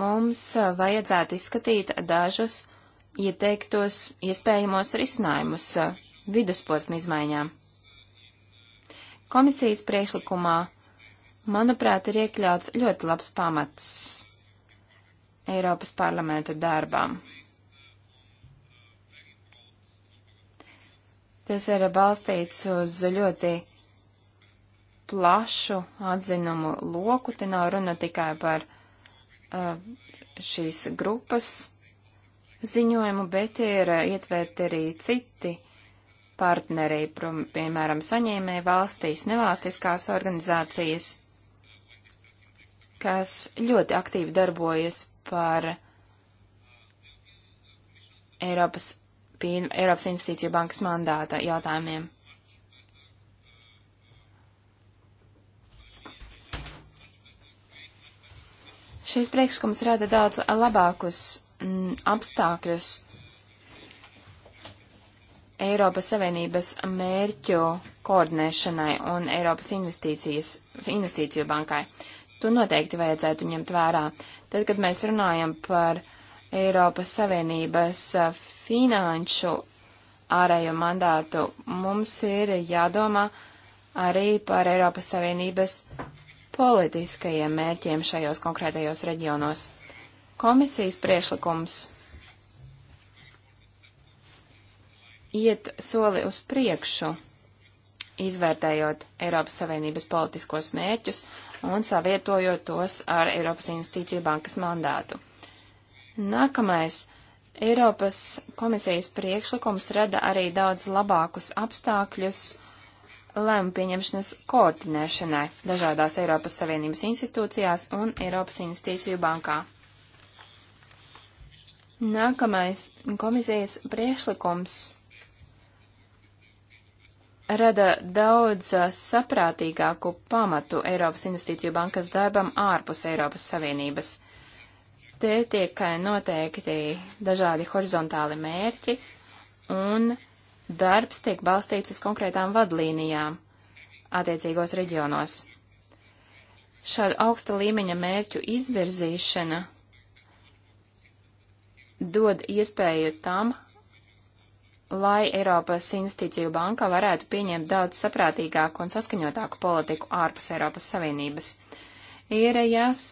mums uh, vajadzētu izskatīt dažus ieteiktos iespējamos risinājumus uh, vidusposma izmaiņām. Komisijas priekšlikumā, manuprāt, ir iekļauts ļoti labs pamats Eiropas parlamenta darbām. Tas ir balstīts uz ļoti plašu atzinumu loku. Te nav runa tikai par uh, šīs grupas ziņojumu, bet ir uh, ietverti arī citi partneri, piemēram, saņēmēji valstīs, nevalstiskās organizācijas, kas ļoti aktīvi darbojas par Eiropas pie Eiropas Investīciju bankas mandāta jautājumiem. Šis priekšlikums rada daudz labākus m, mm, apstākļus Eiropas Savienības mērķu koordinēšanai un Eiropas investīciju bankai. To noteikti vajadzētu ņemt vērā. Tad, kad mēs runājam par Eiropas Savienības uh, finanšu ārējo mandātu, mums ir jādomā arī par Eiropas Savienības politiskajiem mērķiem šajos konkrētajos reģionos. Komisijas priešlikums iet soli uz priekšu, izvērtējot Eiropas Savienības politiskos mērķus un savietojot tos ar Eiropas Investīciju bankas mandātu. Nākamais. Eiropas komisijas priekšlikums rada arī daudz labākus apstākļus lēmu pieņemšanas koordinēšanai dažādās Eiropas Savienības institūcijās un Eiropas Investīciju bankā. Nākamais komisijas priekšlikums rada daudz uh, saprātīgāku pamatu Eiropas Investīciju bankas darbam ārpus Eiropas Savienības. Te tiek eh, noteikti dažādi horizontāli mērķi, un darbs tiek balstīts uz konkrētām vadlīnijām attiecīgos reģionos. Šāda augsta līmeņa mērķu izvirzīšana dod iespēju tam, lai Eiropas Investīciju banka varētu pieņemt daudz saprātīgāku un saskaņotāku politiku ārpus Eiropas Savienības. Ir jās,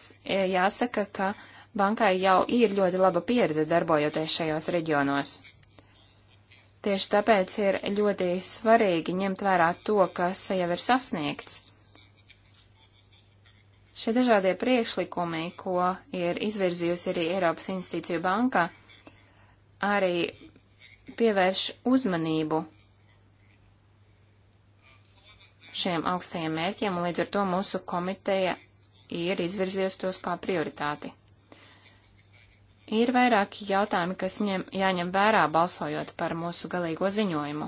jāsaka, ka bankai jau ir ļoti laba pieredze darbojoties šajos reģionos. Tieši tāpēc ir ļoti svarīgi ņemt vērā to, kas jau ir sasniegts. Šie dažādie priekšlikumi, ko ir izvirzījusi arī Eiropas Investīciju banka, arī pievērš uzmanību šiem augstajiem mērķiem, un līdz ar to mūsu komiteja ir izvirzījusi tos kā prioritāti. Ir vairāki jautājumi, kas ņem, jāņem vērā balsojot par mūsu galīgo ziņojumu.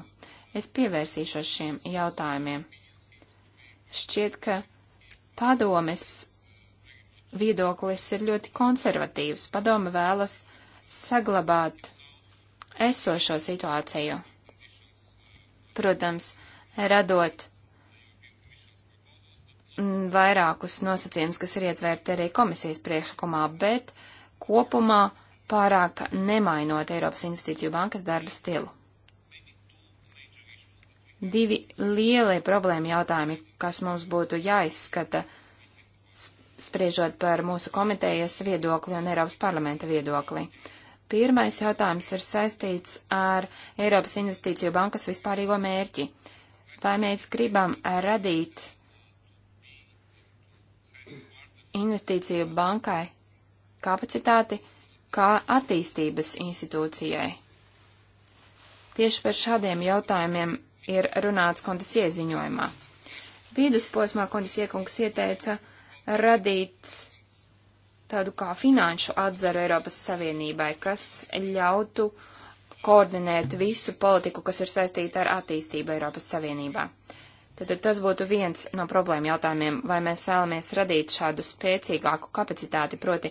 Es pievērsīšos šiem jautājumiem. Šķiet, ka padomes viedoklis ir ļoti konservatīvs. Padome vēlas saglabāt esošo situāciju. Protams, radot vairākus nosacījumus, kas ir ietvērti arī komisijas priekšlikumā, bet uh, kopumā, pārāk nemainot Eiropas investīciju bankas darba stilu. Divi lielie problēma jautājumi, kas mums būtu jāizskata, spriežot par mūsu komitejas viedokli un Eiropas parlamenta viedokli. Pirmais jautājums ir saistīts ar Eiropas investīciju bankas vispārīgo mērķi. Vai mēs gribam radīt investīciju bankai kapacitāti kā attīstības institūcijai. Tieši par šādiem jautājumiem ir runāts kontas ieziņojumā. Vidusposmā kontas iekungs ieteica radīt tādu kā finanšu atzaru Eiropas Savienībai, kas ļautu koordinēt visu politiku, kas ir saistīta ar attīstību Eiropas Savienībā. Uh, Tad tas būtu viens no problēma jautājumiem, vai mēs vēlamies radīt šādu spēcīgāku kapacitāti, proti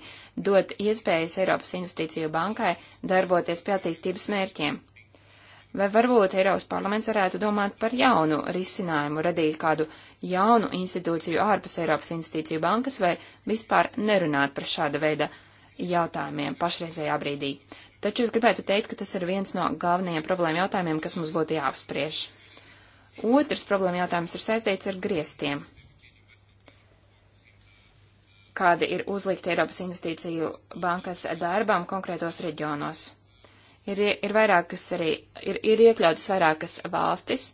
dot iespējas Eiropas investīciju bankai darboties pie attīstības mērķiem. Vai varbūt Eiropas parlaments varētu domāt par jaunu risinājumu, radīt kādu jaunu institūciju ārpus Eiropas investīciju bankas vai vispār nerunāt par šāda veida jautājumiem pašreizējā brīdī. Taču es gribētu teikt, ka tas ir viens no galvenajiem problēma jautājumiem, kas mums būtu jāapspriež. Otrs problēma jautājums ir saistīts ar griestiem. Kādi ir uzlikti Eiropas investīciju bankas darbam konkrētos reģionos? Ir, ir vairākas arī, ir, ir iekļautas vairākas valstis,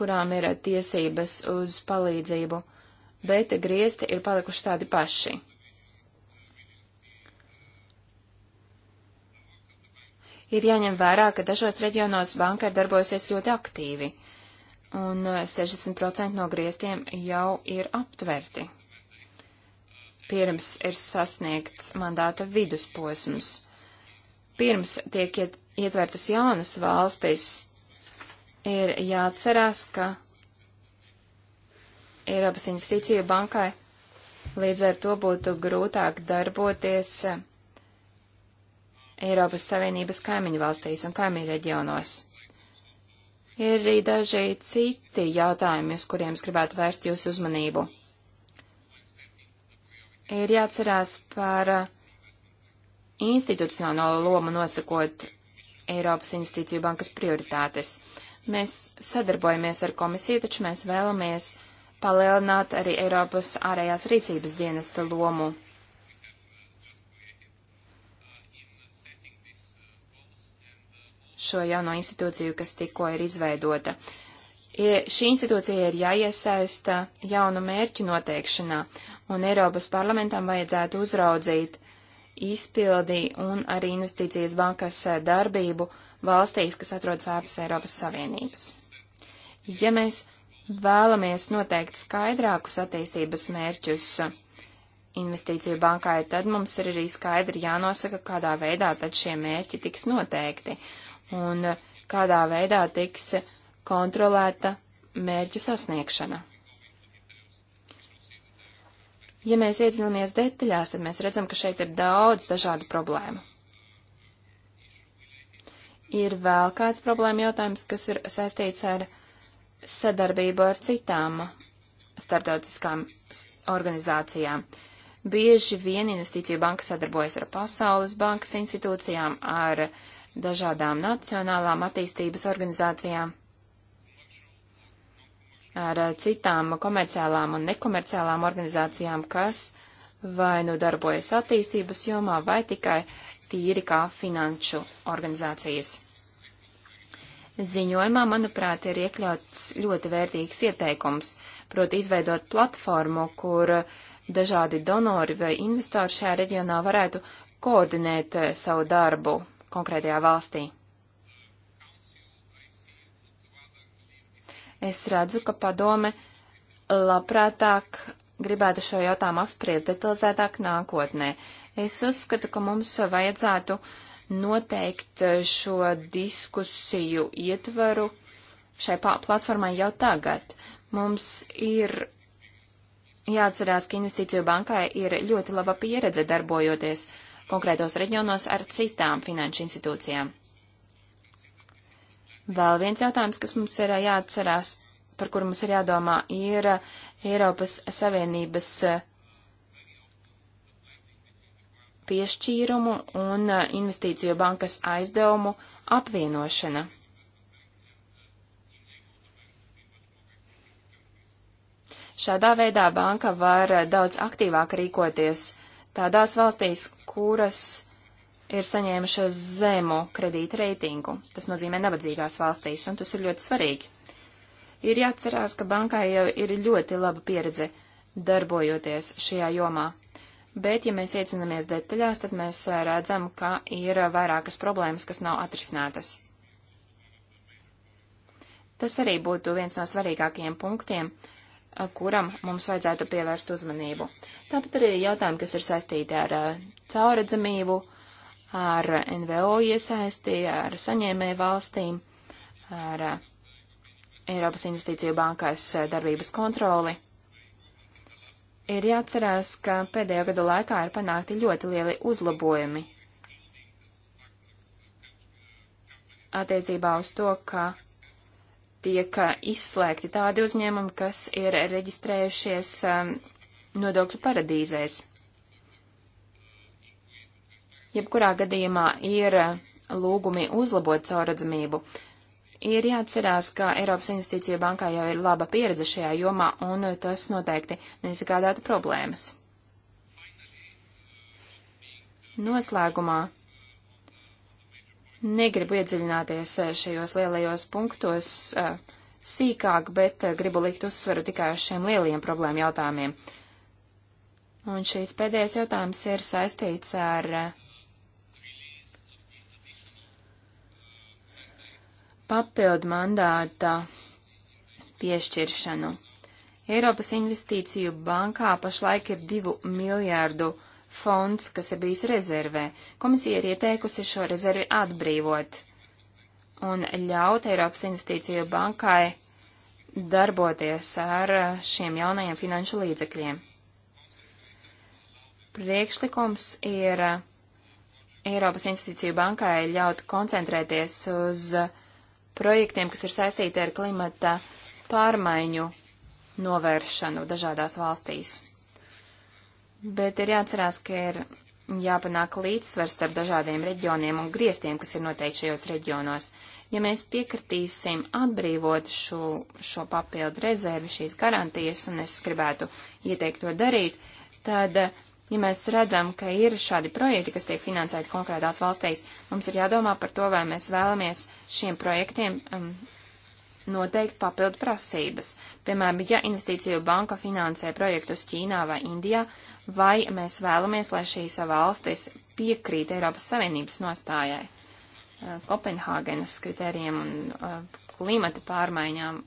kurām ir tiesības uz palīdzību, bet griezti ir palikuši tādi paši. Ir jāņem vērā, ka dažos reģionos banka ir darbosies ļoti aktīvi un 60% eh, no griestiem jau ir aptverti. Pirms ir sasniegts mandāta vidusposms. Pirms tiek iet, ietvērtas jaunas valstis, ir jāatcerās, ka Eiropas investīciju bankai līdz ar to būtu grūtāk darboties eh, Eiropas Savienības kaimiņu valstīs un kaimiņu reģionos. Ir arī daži citi jautājumi, uz kuriem es gribētu vērst jūsu uzmanību. Ir jāatcerās par uh, institucionālo lomu nosakot Eiropas Investīciju bankas prioritātes. Mēs sadarbojamies ar komisiju, taču mēs vēlamies palielināt arī Eiropas ārējās rīcības dienesta lomu. šo jauno institūciju, kas tikko ir izveidota. Šī institūcija ir jāiesaista jaunu mērķu noteikšanā, un Eiropas parlamentam vajadzētu uzraudzīt izpildi un arī investīcijas bankas eh, darbību valstīs, kas atrodas ārpus Eiropas Savienības. Ja mēs vēlamies noteikt skaidrākus attīstības mērķus eh, investīciju bankai, tad mums ir arī skaidri jānosaka, kādā veidā tad šie mērķi tiks noteikti. Uh, un kādā veidā tiks kontrolēta mērķu sasniegšana. Ja mēs iedzinamies detaļās, tad mēs redzam, ka šeit ir daudz dažādu problēmu. Ir vēl kāds problēma jautājums, kas ir saistīts ar sadarbību ar citām starptautiskām organizācijām. Bieži vien investīciju banka sadarbojas ar Pasaules bankas institūcijām, ar uh, dažādām nacionālām attīstības organizācijām, ar eh, citām komerciālām un nekomerciālām organizācijām, kas vai nu darbojas attīstības jomā, vai tikai tīri kā finanšu organizācijas. Ziņojumā, manuprāt, ir iekļauts ļoti vērtīgs ieteikums, proti izveidot platformu, kur dažādi donori vai investori šajā reģionā varētu koordinēt eh, savu darbu konkrētajā valstī. Es redzu, ka padome labprātāk gribētu šo jautājumu apspriest detalizētāk nākotnē. Es uzskatu, ka mums vajadzētu noteikt šo diskusiju ietvaru šai platformai jau tagad. Mums ir jāatcerās, ka investīciju bankai ir ļoti laba pieredze darbojoties konkrētos reģionos ar citām finanšu institūcijām. Vēl viens jautājums, kas mums ir eh, jāatcerās, par kuru mums ir jādomā, ir eh, Eiropas Savienības eh, piešķīrumu un investīciju bankas aizdevumu apvienošana. Šādā veidā banka var daudz aktīvāk rīkoties tādās valstīs, kuras ir saņēmušas zemu kredīta reitingu. Tas nozīmē nabadzīgās valstīs, un tas ir ļoti svarīgi. Ir jāatcerās, ka bankai jau ir ļoti laba pieredze darbojoties šajā jomā. Bet, ja mēs iecinamies detaļās, tad mēs eh, redzam, ka ir vairākas problēmas, kas nav atrisinātas. Tas arī būtu viens no svarīgākajiem punktiem, kuram mums vajadzētu pievērst uzmanību. Tāpat arī ir jautājumi, kas ir saistīti ar eh, cauredzamību, ar NVO iesaisti, ar saņēmēju valstīm, ar eh, Eiropas investīciju bankās eh, darbības kontroli. Ir jāatcerās, ka pēdējo gadu laikā ir panākti ļoti lieli uzlabojumi attiecībā uz to, ka tiek eh, izslēgti tādi uzņēmumi, kas ir reģistrējušies eh, nodokļu paradīzēs. Jebkurā gadījumā ir eh, lūgumi uzlabot caurredzamību. Ir jāatcerās, ka Eiropas Investīcija bankā jau ir laba pieredze šajā jomā, un tas noteikti nesagādātu problēmas. Noslēgumā negribu iedziļināties eh, šajos lielajos punktos eh, sīkāk, bet eh, gribu likt uzsveru tikai uz šiem lielajiem problēmu jautājumiem. Un šīs pēdējais jautājums ir saistīts ar papildu mandāta piešķiršanu. Eiropas investīciju bankā pašlaik ir divu miljārdu eiro fonds, kas ir bijis rezervē. Komisija ir ieteikusi šo rezervi atbrīvot un ļaut Eiropas investīciju bankai darboties ar eh, šiem jaunajiem finanšu līdzekļiem. Priekšlikums ir eh, Eiropas investīciju bankai ļaut koncentrēties uz projektiem, kas ir saistīti ar klimata pārmaiņu novēršanu dažādās valstīs. Bet ir jāatcerās, ka ir jāpanāk līdzsvars starp dažādiem reģioniem un griestiem, kas ir noteikti šajos reģionos. Ja mēs piekritīsim atbrīvot šo, šo papildu rezervi, šīs garantijas, un es gribētu ieteikt to darīt, tad, ja mēs redzam, ka ir šādi projekti, kas tiek finansēti konkrētās valstīs, mums ir jādomā par to, vai mēs vēlamies šiem projektiem um, noteikt papildu prasības. Piemēram, ja investīciju banka finansē projektus Ķīnā vai Indijā, vai mēs vēlamies, lai šīs valstis piekrīt Eiropas Savienības nostājai, Kopenhāgenes kritērijiem un uh, klimata pārmaiņām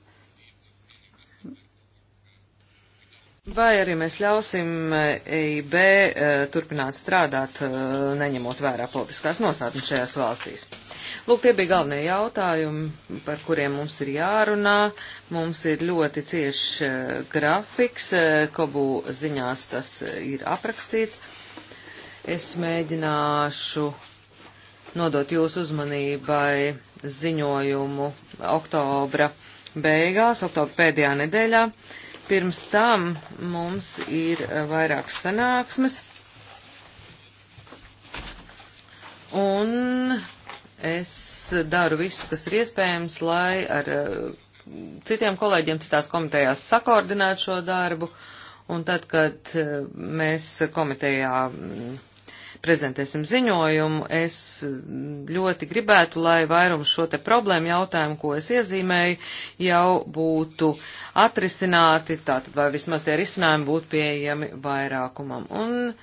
Vai arī mēs ļausim EIB eh, e eh, turpināt strādāt, eh, neņemot vērā politiskās nostādnes šajās valstīs? Lūk, tie bija galvenie jautājumi, par kuriem mums ir jārunā. Mums ir ļoti cieši grafiks, kobu ziņās tas ir aprakstīts. Es mēģināšu nodot jūsu uzmanībai ziņojumu oktobra beigās, oktobra pēdējā nedēļā. Uh, Pirms tam mums ir eh, vairākas sanāksmes. Un es daru visu, kas ir iespējams, lai ar eh, citiem kolēģiem citās komitejās sakoordinētu šo darbu. Un tad, kad eh, mēs komitejā mm, prezentēsim ziņojumu, es ļoti gribētu, lai vairums šo te problēmu jautājumu, ko es iezīmēju, jau būtu atrisināti, tātad vai vismaz tie risinājumi būtu pieejami vairākumam. Un e,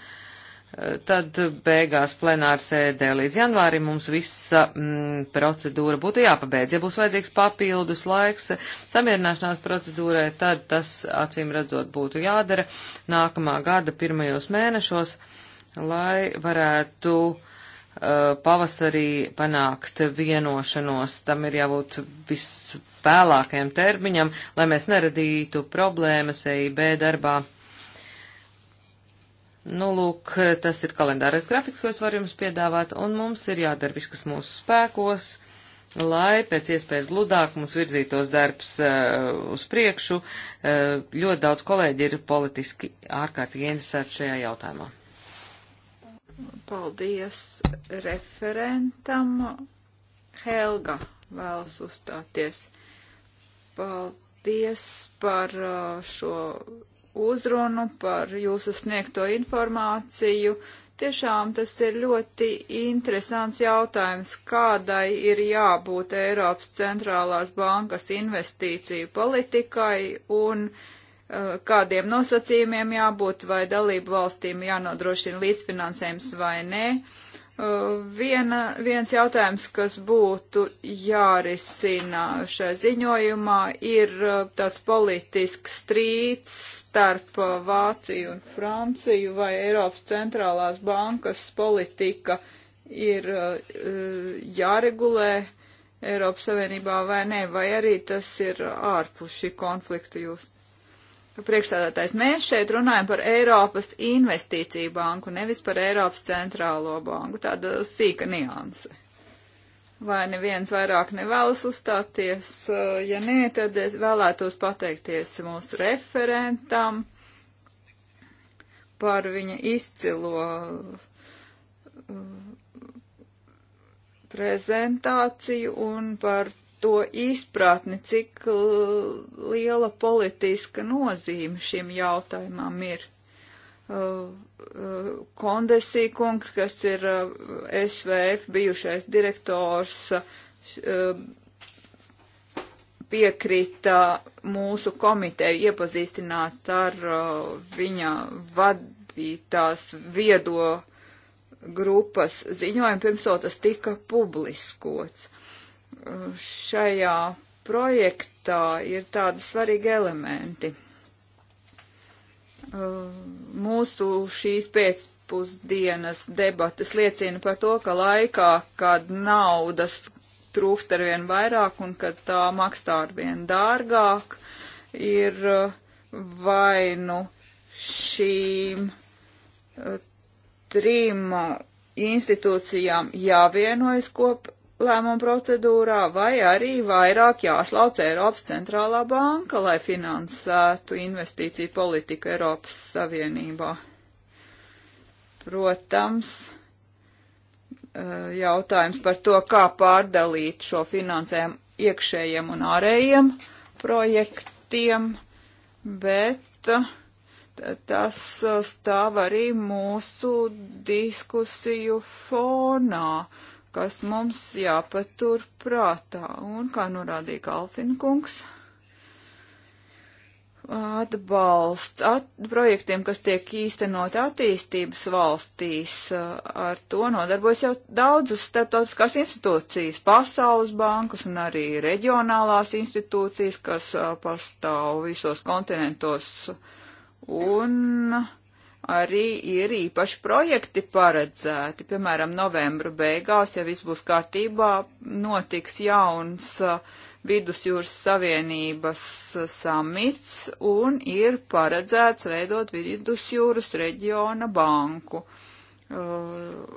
tad beigās plenārsēdē līdz janvārim mums visa mm, procedūra būtu jāpabeidz. Ja būs vajadzīgs papildus laiks samierināšanās procedūrai, tad tas acīm redzot būtu jādara nākamā gada pirmajos mēnešos lai varētu uh, pavasarī panākt vienošanos. Tam ir jābūt visvēlākajam termiņam, lai mēs neradītu problēmas EIB darbā. Nu, lūk, tas ir kalendārais grafiks, ko es varu jums piedāvāt, un mums ir jādara viss, kas mūsu spēkos, lai pēc iespējas gludāk mums virzītos darbs uh, uz priekšu. Uh, ļoti daudz kolēģi ir politiski ārkārtīgi interesēti šajā jautājumā. Paldies referentam. Helga vēlas uzstāties. Paldies par uh, šo uzrunu, par jūsu sniegto informāciju. Tiešām tas ir ļoti interesants jautājums, kādai ir jābūt Eiropas centrālās bankas investīciju politikai un uh, Eh, kādiem nosacījumiem jābūt, vai dalību valstīm jānodrošina līdzfinansējums vai nē. Eh, viena, viens jautājums, kas būtu jārisina šajā ziņojumā, ir eh, tāds politisks strīds starp Vāciju un Franciju, vai Eiropas centrālās bankas politika ir jāregulē Eiropas Savienībā vai nē, vai arī tas ir ārpus šī konflikta jūs priekšstādātais, mēs šeit runājam par Eiropas investīciju banku, nevis par Eiropas centrālo banku. Tāda sīka nianse. Vai neviens vairāk nevēlas uzstāties? Ja nē, tad es vēlētos pateikties mūsu referentam par viņa izcilo uh, prezentāciju un par to izpratni, cik uh, liela politiska nozīme šim jautājumam ir. Uh, uh, Kondesī kungs, kas ir SVF bijušais direktors, piekrita mūsu komiteju iepazīstināt ar viņa vadītās viedo grupas ziņojumu, pirms to tas tika publiskots šajā projektā ir tādi svarīgi elementi. Uh, mūsu šīs pēcpusdienas debatas liecina par to, ka laikā, kad naudas trūkst arvien vairāk un kad tā maksā arvien dārgāk, ir uh, vai nu šīm uh, trim institūcijām jāvienojas kop, lēmuma procedūrā, vai arī vairāk jāslauc Eiropas centrālā banka, lai finansētu investīciju politiku Eiropas Savienībā. Protams, eh, jautājums par to, kā pārdalīt šo finansējumu iekšējiem un ārējiem projektiem, bet eh, tas eh, stāv arī mūsu diskusiju fonā. Uh, kas mums jāpatur prātā. Un, kā norādīja Kalfinkungs, atbalsts at, projektiem, kas tiek īstenot attīstības valstīs, ar to nodarbojas jau daudzas starptautiskās institūcijas, pasaules bankas un arī reģionālās institūcijas, kas uh, pastāv visos kontinentos un uh, arī ir īpaši projekti paredzēti. Piemēram, novembra beigās, ja viss būs kārtībā, notiks jauns uh, Vidusjūras Savienības uh, samits un ir paredzēts veidot Vidusjūras reģiona banku. Uh, Uh,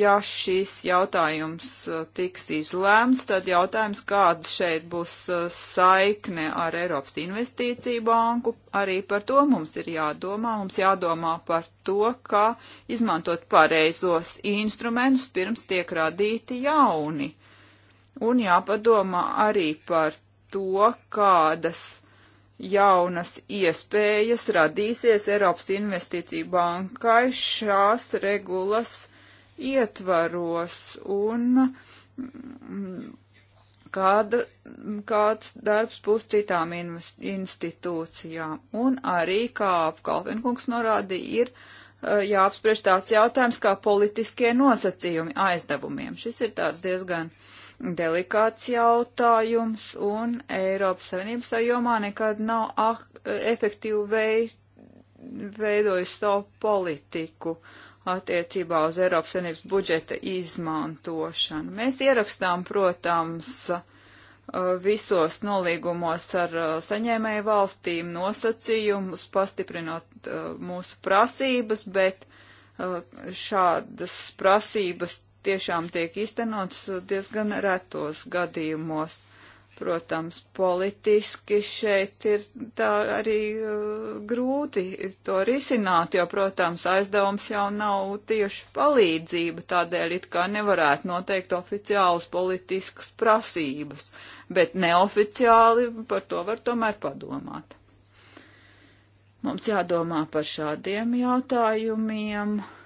ja šis jautājums uh, tiks izlēmts, tad jautājums, kāda šeit būs uh, saikne ar Eiropas investīciju banku, arī par to mums ir jādomā. Mums jādomā par to, kā izmantot pareizos instrumentus, pirms tiek radīti jauni. Un jāpadomā arī par to, kādas jaunas iespējas radīsies Eiropas investīciju bankai šās regulas ietvaros un mm, kāda, kāds darbs būs citām institūcijām. Un arī, kā Kalvinkungs norādīja, ir jāapspriež tāds jautājums kā politiskie nosacījumi aizdevumiem. Šis ir tāds diezgan uh, delikāts jautājums, un Eiropas Savienības jomā nekad nav efektīvi veid, veidojusi savu politiku attiecībā uz Eiropas Savienības budžeta izmantošanu. Mēs ierakstām, protams, visos nolīgumos ar uh, saņēmēju valstīm nosacījumus, pastiprinot uh, mūsu prasības, bet uh, šādas prasības tiešām tiek iztenots diezgan retos gadījumos. Protams, politiski šeit ir tā arī uh, grūti to risināt, jo, protams, aizdevums jau nav tieši palīdzība, tādēļ it kā nevarētu noteikt oficiālas politiskas prasības, bet neoficiāli par to var tomēr padomāt. Mums jādomā par šādiem jautājumiem. Uh,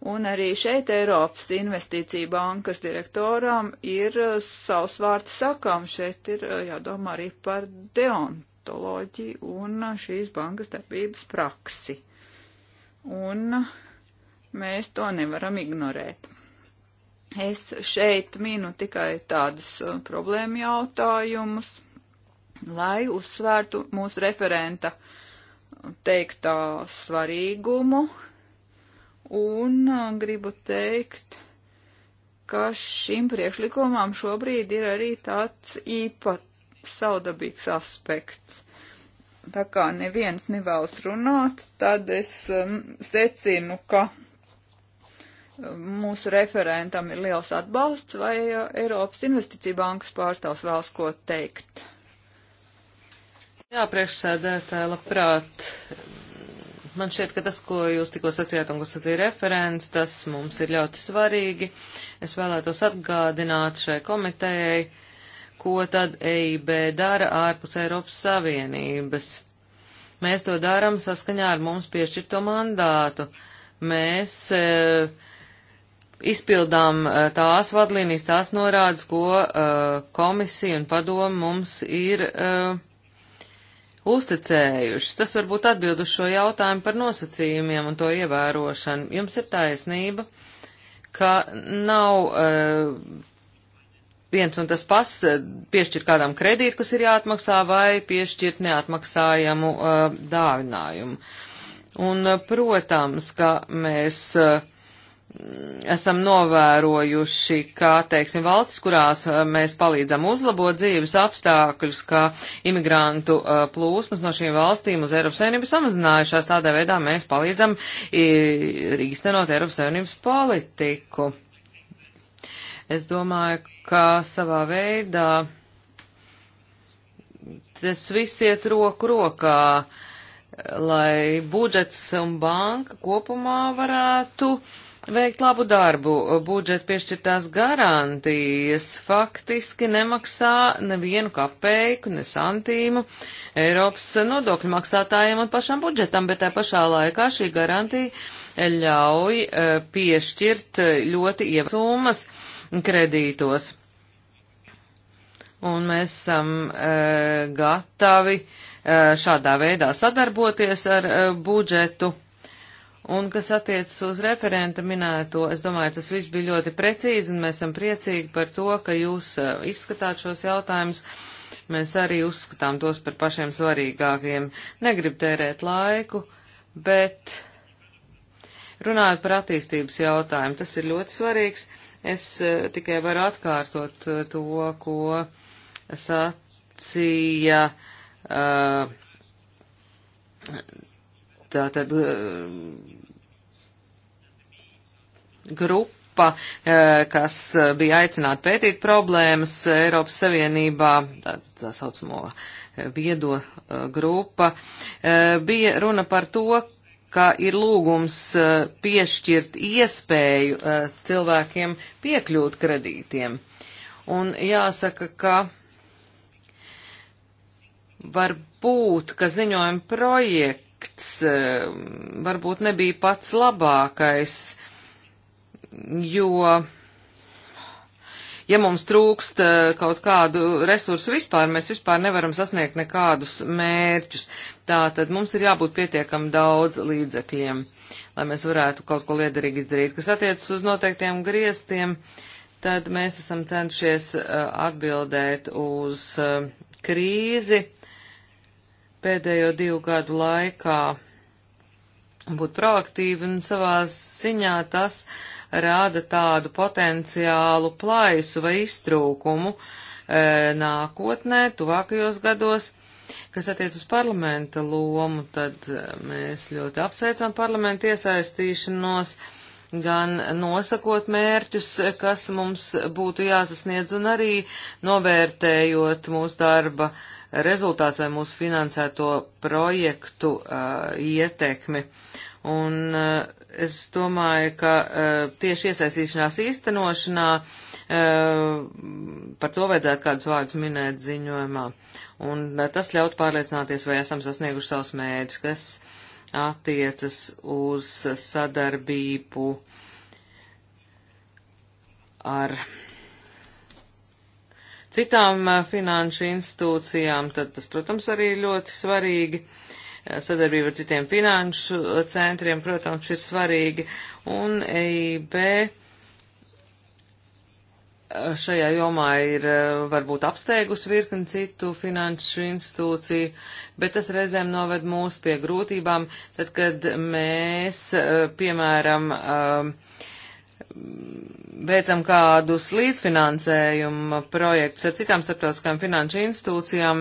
Un arī šeit Eiropas investīcija bankas direktoram ir uh, savs vārds sakām. Šeit ir uh, jādomā arī par deontoloģiju un uh, šīs bankas darbības praksi. Un mēs to nevaram ignorēt. Es šeit minu tikai tādus problēmu jautājumus, lai uzsvērtu mūsu referenta teiktā svarīgumu, Un uh, gribu teikt, ka šim priekšlikumam šobrīd ir arī tāds īpats saudabīgs aspekts. Tā kā neviens nevēlas runāt, tad es um, secinu, ka um, mūsu referentam ir liels atbalsts, vai uh, Eiropas Investīcija bankas pārstāvs vēlas ko teikt? Jā, priekšsēdētāji, labprāt Man šķiet, ka tas, ko jūs tikko sacījāt un ko sacīja referents, tas mums ir ļoti svarīgi. Es vēlētos atgādināt šai komitejai, ko tad EIB dara ārpus Eiropas Savienības. Mēs to darām saskaņā ar mums piešķirto mandātu. Mēs e, izpildām e, tās vadlīnijas, tās norādes, ko e, komisija un padomu mums ir. E, uzticējušas. Tas varbūt atbild uz šo jautājumu par nosacījumiem un to ievērošanu. Jums ir taisnība, ka nav uh, viens un tas pats eh, piešķirt kādam kredītu, kas ir jāatmaksā, vai piešķirt neatmaksājamu uh, dāvinājumu. Un, protams, ka mēs uh, esam novērojuši, ka, teiksim, valsts, kurās eh, mēs palīdzam uzlabot dzīves apstākļus, ka imigrantu eh, plūsmas no šīm valstīm uz Eiropas Savienību samazinājušās. Tādā veidā mēs palīdzam īstenot Eiropas Savienības politiku. Es domāju, ka savā veidā tas viss iet roku rokā, lai budžets un banka kopumā varētu uh, veikt labu darbu. Budžeta piešķirtās garantijas faktiski nemaksā nevienu kapeiku, ne santīmu Eiropas nodokļu maksātājiem un pašam budžetam, bet tā pašā laikā šī garantija ļauj e, piešķirt ļoti ievasumas kredītos. Un mēs esam e, gatavi e, šādā veidā sadarboties ar budžetu Un kas attiecas uz referenta minēto, es domāju, tas viss bija ļoti precīzi, un mēs esam priecīgi par to, ka jūs eh, izskatāt šos jautājumus. Mēs arī uzskatām tos par pašiem svarīgākajiem. Negrib tērēt laiku, bet runājot par attīstības jautājumu, tas ir ļoti svarīgs. Es eh, tikai varu atkārtot eh, to, ko sacīja. Uh, Tātad eh, grupa, eh, kas bija aicināta pētīt problēmas Eiropas Savienībā, tā, tā saucamo viedo eh, grupa, bija runa par to, ka ir lūgums piešķirt iespēju cilvēkiem piekļūt kredītiem. Un jāsaka, ka var būt, ka ziņojuma projekts akts ehm, varbūt nebija pats labākais, jo, ja mums trūkst eh, kaut kādu resursu vispār, mēs vispār nevaram sasniegt nekādus mērķus. Tātad mums ir jābūt pietiekam daudz līdzekļiem, lai mēs varētu kaut ko liederīgi izdarīt, kas attiecas uz noteiktiem griestiem. Tad mēs esam centušies eh, atbildēt uz eh, krīzi pēdējo divu gadu laikā būt proaktīvi un savā ziņā tas rāda tādu potenciālu plaisu vai iztrūkumu e, nākotnē, tuvākajos gados. Kas attiec uz parlamenta lomu, tad e, mēs ļoti apsveicam parlamentu iesaistīšanos, gan nosakot mērķus, kas mums būtu jāsasniedz, un arī novērtējot mūsu darba uh, rezultāts vai mūsu finansēto projektu uh, ietekmi. Un uh, es domāju, ka uh, tieši iesaistīšanās īstenošanā uh, par to vajadzētu kādus vārdus minēt ziņojumā. Un tas ļaut pārliecināties, vai esam sasnieguši savus mērķus, kas attiecas uz sadarbību ar citām finanšu institūcijām, tad tas, protams, arī ir ļoti svarīgi. Sadarbība ar citiem finanšu centriem, protams, ir svarīgi. Un EIB šajā jomā ir varbūt apsteigus virkni citu finanšu institūciju, bet tas reizēm noved mūs pie grūtībām, tad, kad mēs, piemēram, veicam kādus līdzfinansējuma projektus ar citām starptautiskām finanšu institūcijām,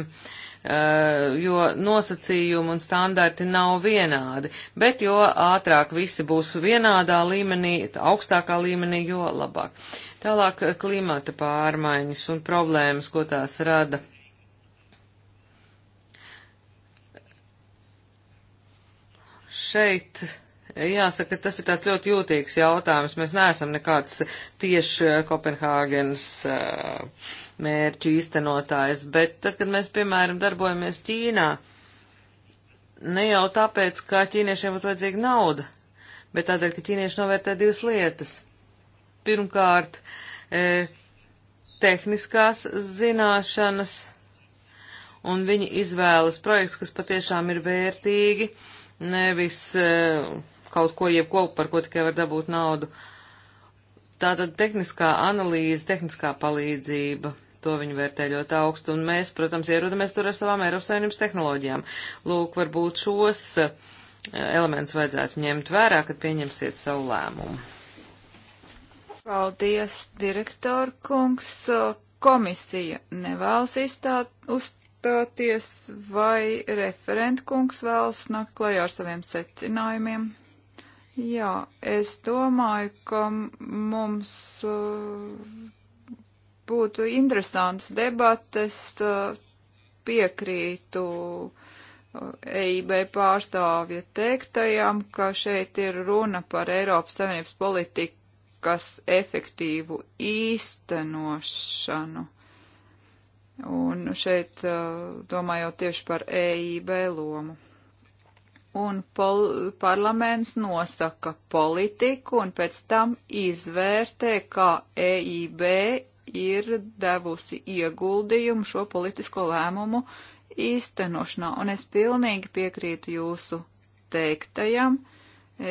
eh, jo nosacījumi un standarti nav vienādi. Bet jo ātrāk visi būs vienādā līmenī, augstākā līmenī, jo labāk. Tālāk eh, klimata pārmaiņas un problēmas, ko tās rada. Šeit Jāsaka, tas ir tāds ļoti jūtīgs jautājums. Mēs neesam nekāds tieši eh, Kopenhāgenes eh, mērķu īstenotājs, bet tad, kad mēs, piemēram, darbojamies Ķīnā, ne jau tāpēc, ka ķīniešiem būtu vajadzīga nauda, bet tādēļ, ka ķīnieši novērtē divas lietas. Pirmkārt, eh, tehniskās zināšanas, un viņi izvēlas projekts, kas patiešām ir vērtīgi, nevis. Eh, kaut ko, jebko, par ko tikai var dabūt naudu. Tātad tehniskā analīze, tehniskā palīdzība, to viņi vērtē ļoti augstu, un mēs, protams, ierodamies tur ar savām Eiropas Savienības tehnoloģijām. Lūk, varbūt šos eh, elementus vajadzētu ņemt vērā, kad pieņemsiet savu lēmumu. Paldies, direktor kungs. Komisija nevēlas izstāt, uz, uzstāties, vai referentkungs vēlas nākt klajā ar saviem secinājumiem? Jā, es domāju, ka mums uh, būtu interesants debates, uh, piekrītu uh, EIB pārstāvja teiktajam, ka šeit ir runa par Eiropas Savienības politikas efektīvu īstenošanu. Un šeit domājot tieši par EIB lomu un pol parlaments nosaka politiku un pēc tam izvērtē, kā EIB ir devusi ieguldījumu šo politisko lēmumu īstenošanā. Un es pilnīgi piekrītu jūsu teiktajam.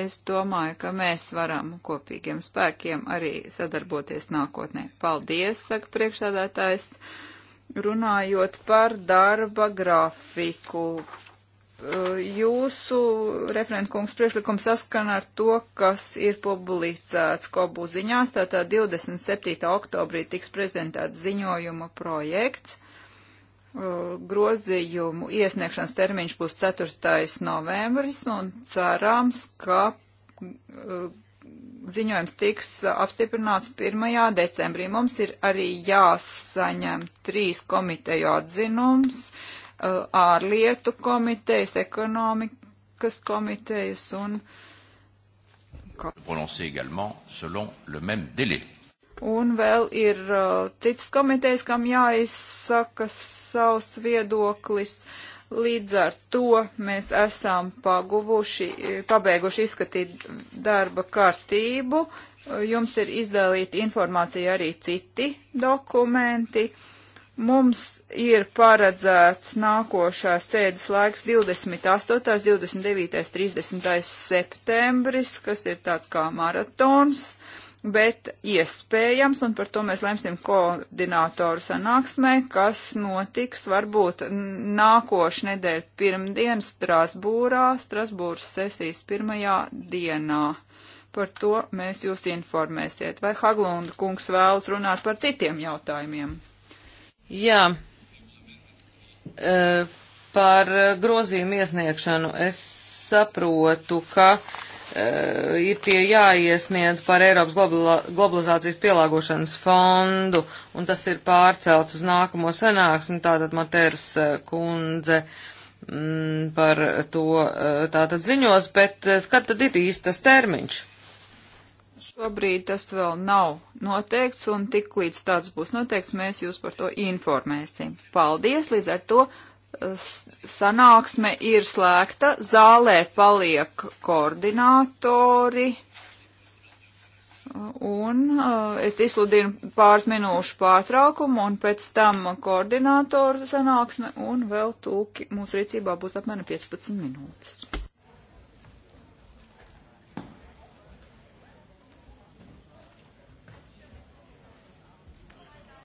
Es domāju, ka mēs varam kopīgiem spēkiem arī sadarboties nākotnē. Paldies, saka priekšsādātājs, runājot par darba grafiku jūsu referentkungs priekšlikums saskana ar to, kas ir publicēts kobu ziņās. Tātad 27. oktobrī tiks prezentēts ziņojuma projekts. Uh, grozījumu iesniegšanas termiņš būs 4. novembris un cerams, ka uh, ziņojums tiks apstiprināts 1. decembrī. Mums ir arī jāsaņem trīs komiteju atzinums Uh, ārlietu komitejas, ekonomikas komitejas un. Un vēl ir uh, citas komitejas, kam jāizsaka savs viedoklis. Līdz ar to mēs esam paguvuši, pabeiguši izskatīt darba kārtību. Jums ir izdalīta informācija arī citi dokumenti. Uh, Mums ir paredzēts nākošās tēdes laiks 28., 29., 30. septembris, kas ir tāds kā maratons, bet iespējams, un par to mēs lemsim koordinātoru sanāksmē, kas notiks varbūt nākošu nedēļu pirmdien Strasbūrā, Strasbūras sesijas pirmajā dienā. Par to mēs jūs informēsiet. Vai Haglunda kungs vēlas runāt par citiem jautājumiem? Jā, e, par grozījumu iesniegšanu es saprotu, ka e, ir tie jāiesniedz par Eiropas globalizācijas pielāgošanas fondu, un tas ir pārcelts uz nākamo sanāksmi, tātad Matērs e, kundze mm, par to tātad ziņos, bet kad tad ir īstas termiņš? Šobrīd tas vēl nav noteikts, un tik līdz tāds būs noteikts, mēs jūs par to informēsim. Paldies, līdz ar to uh, sanāksme ir slēgta, zālē paliek koordinātori, un uh, es izsludinu pāris minūšu pārtraukumu, un pēc tam koordinātoru sanāksme, un vēl tūki mūsu rīcībā būs apmēram 15 minūtes.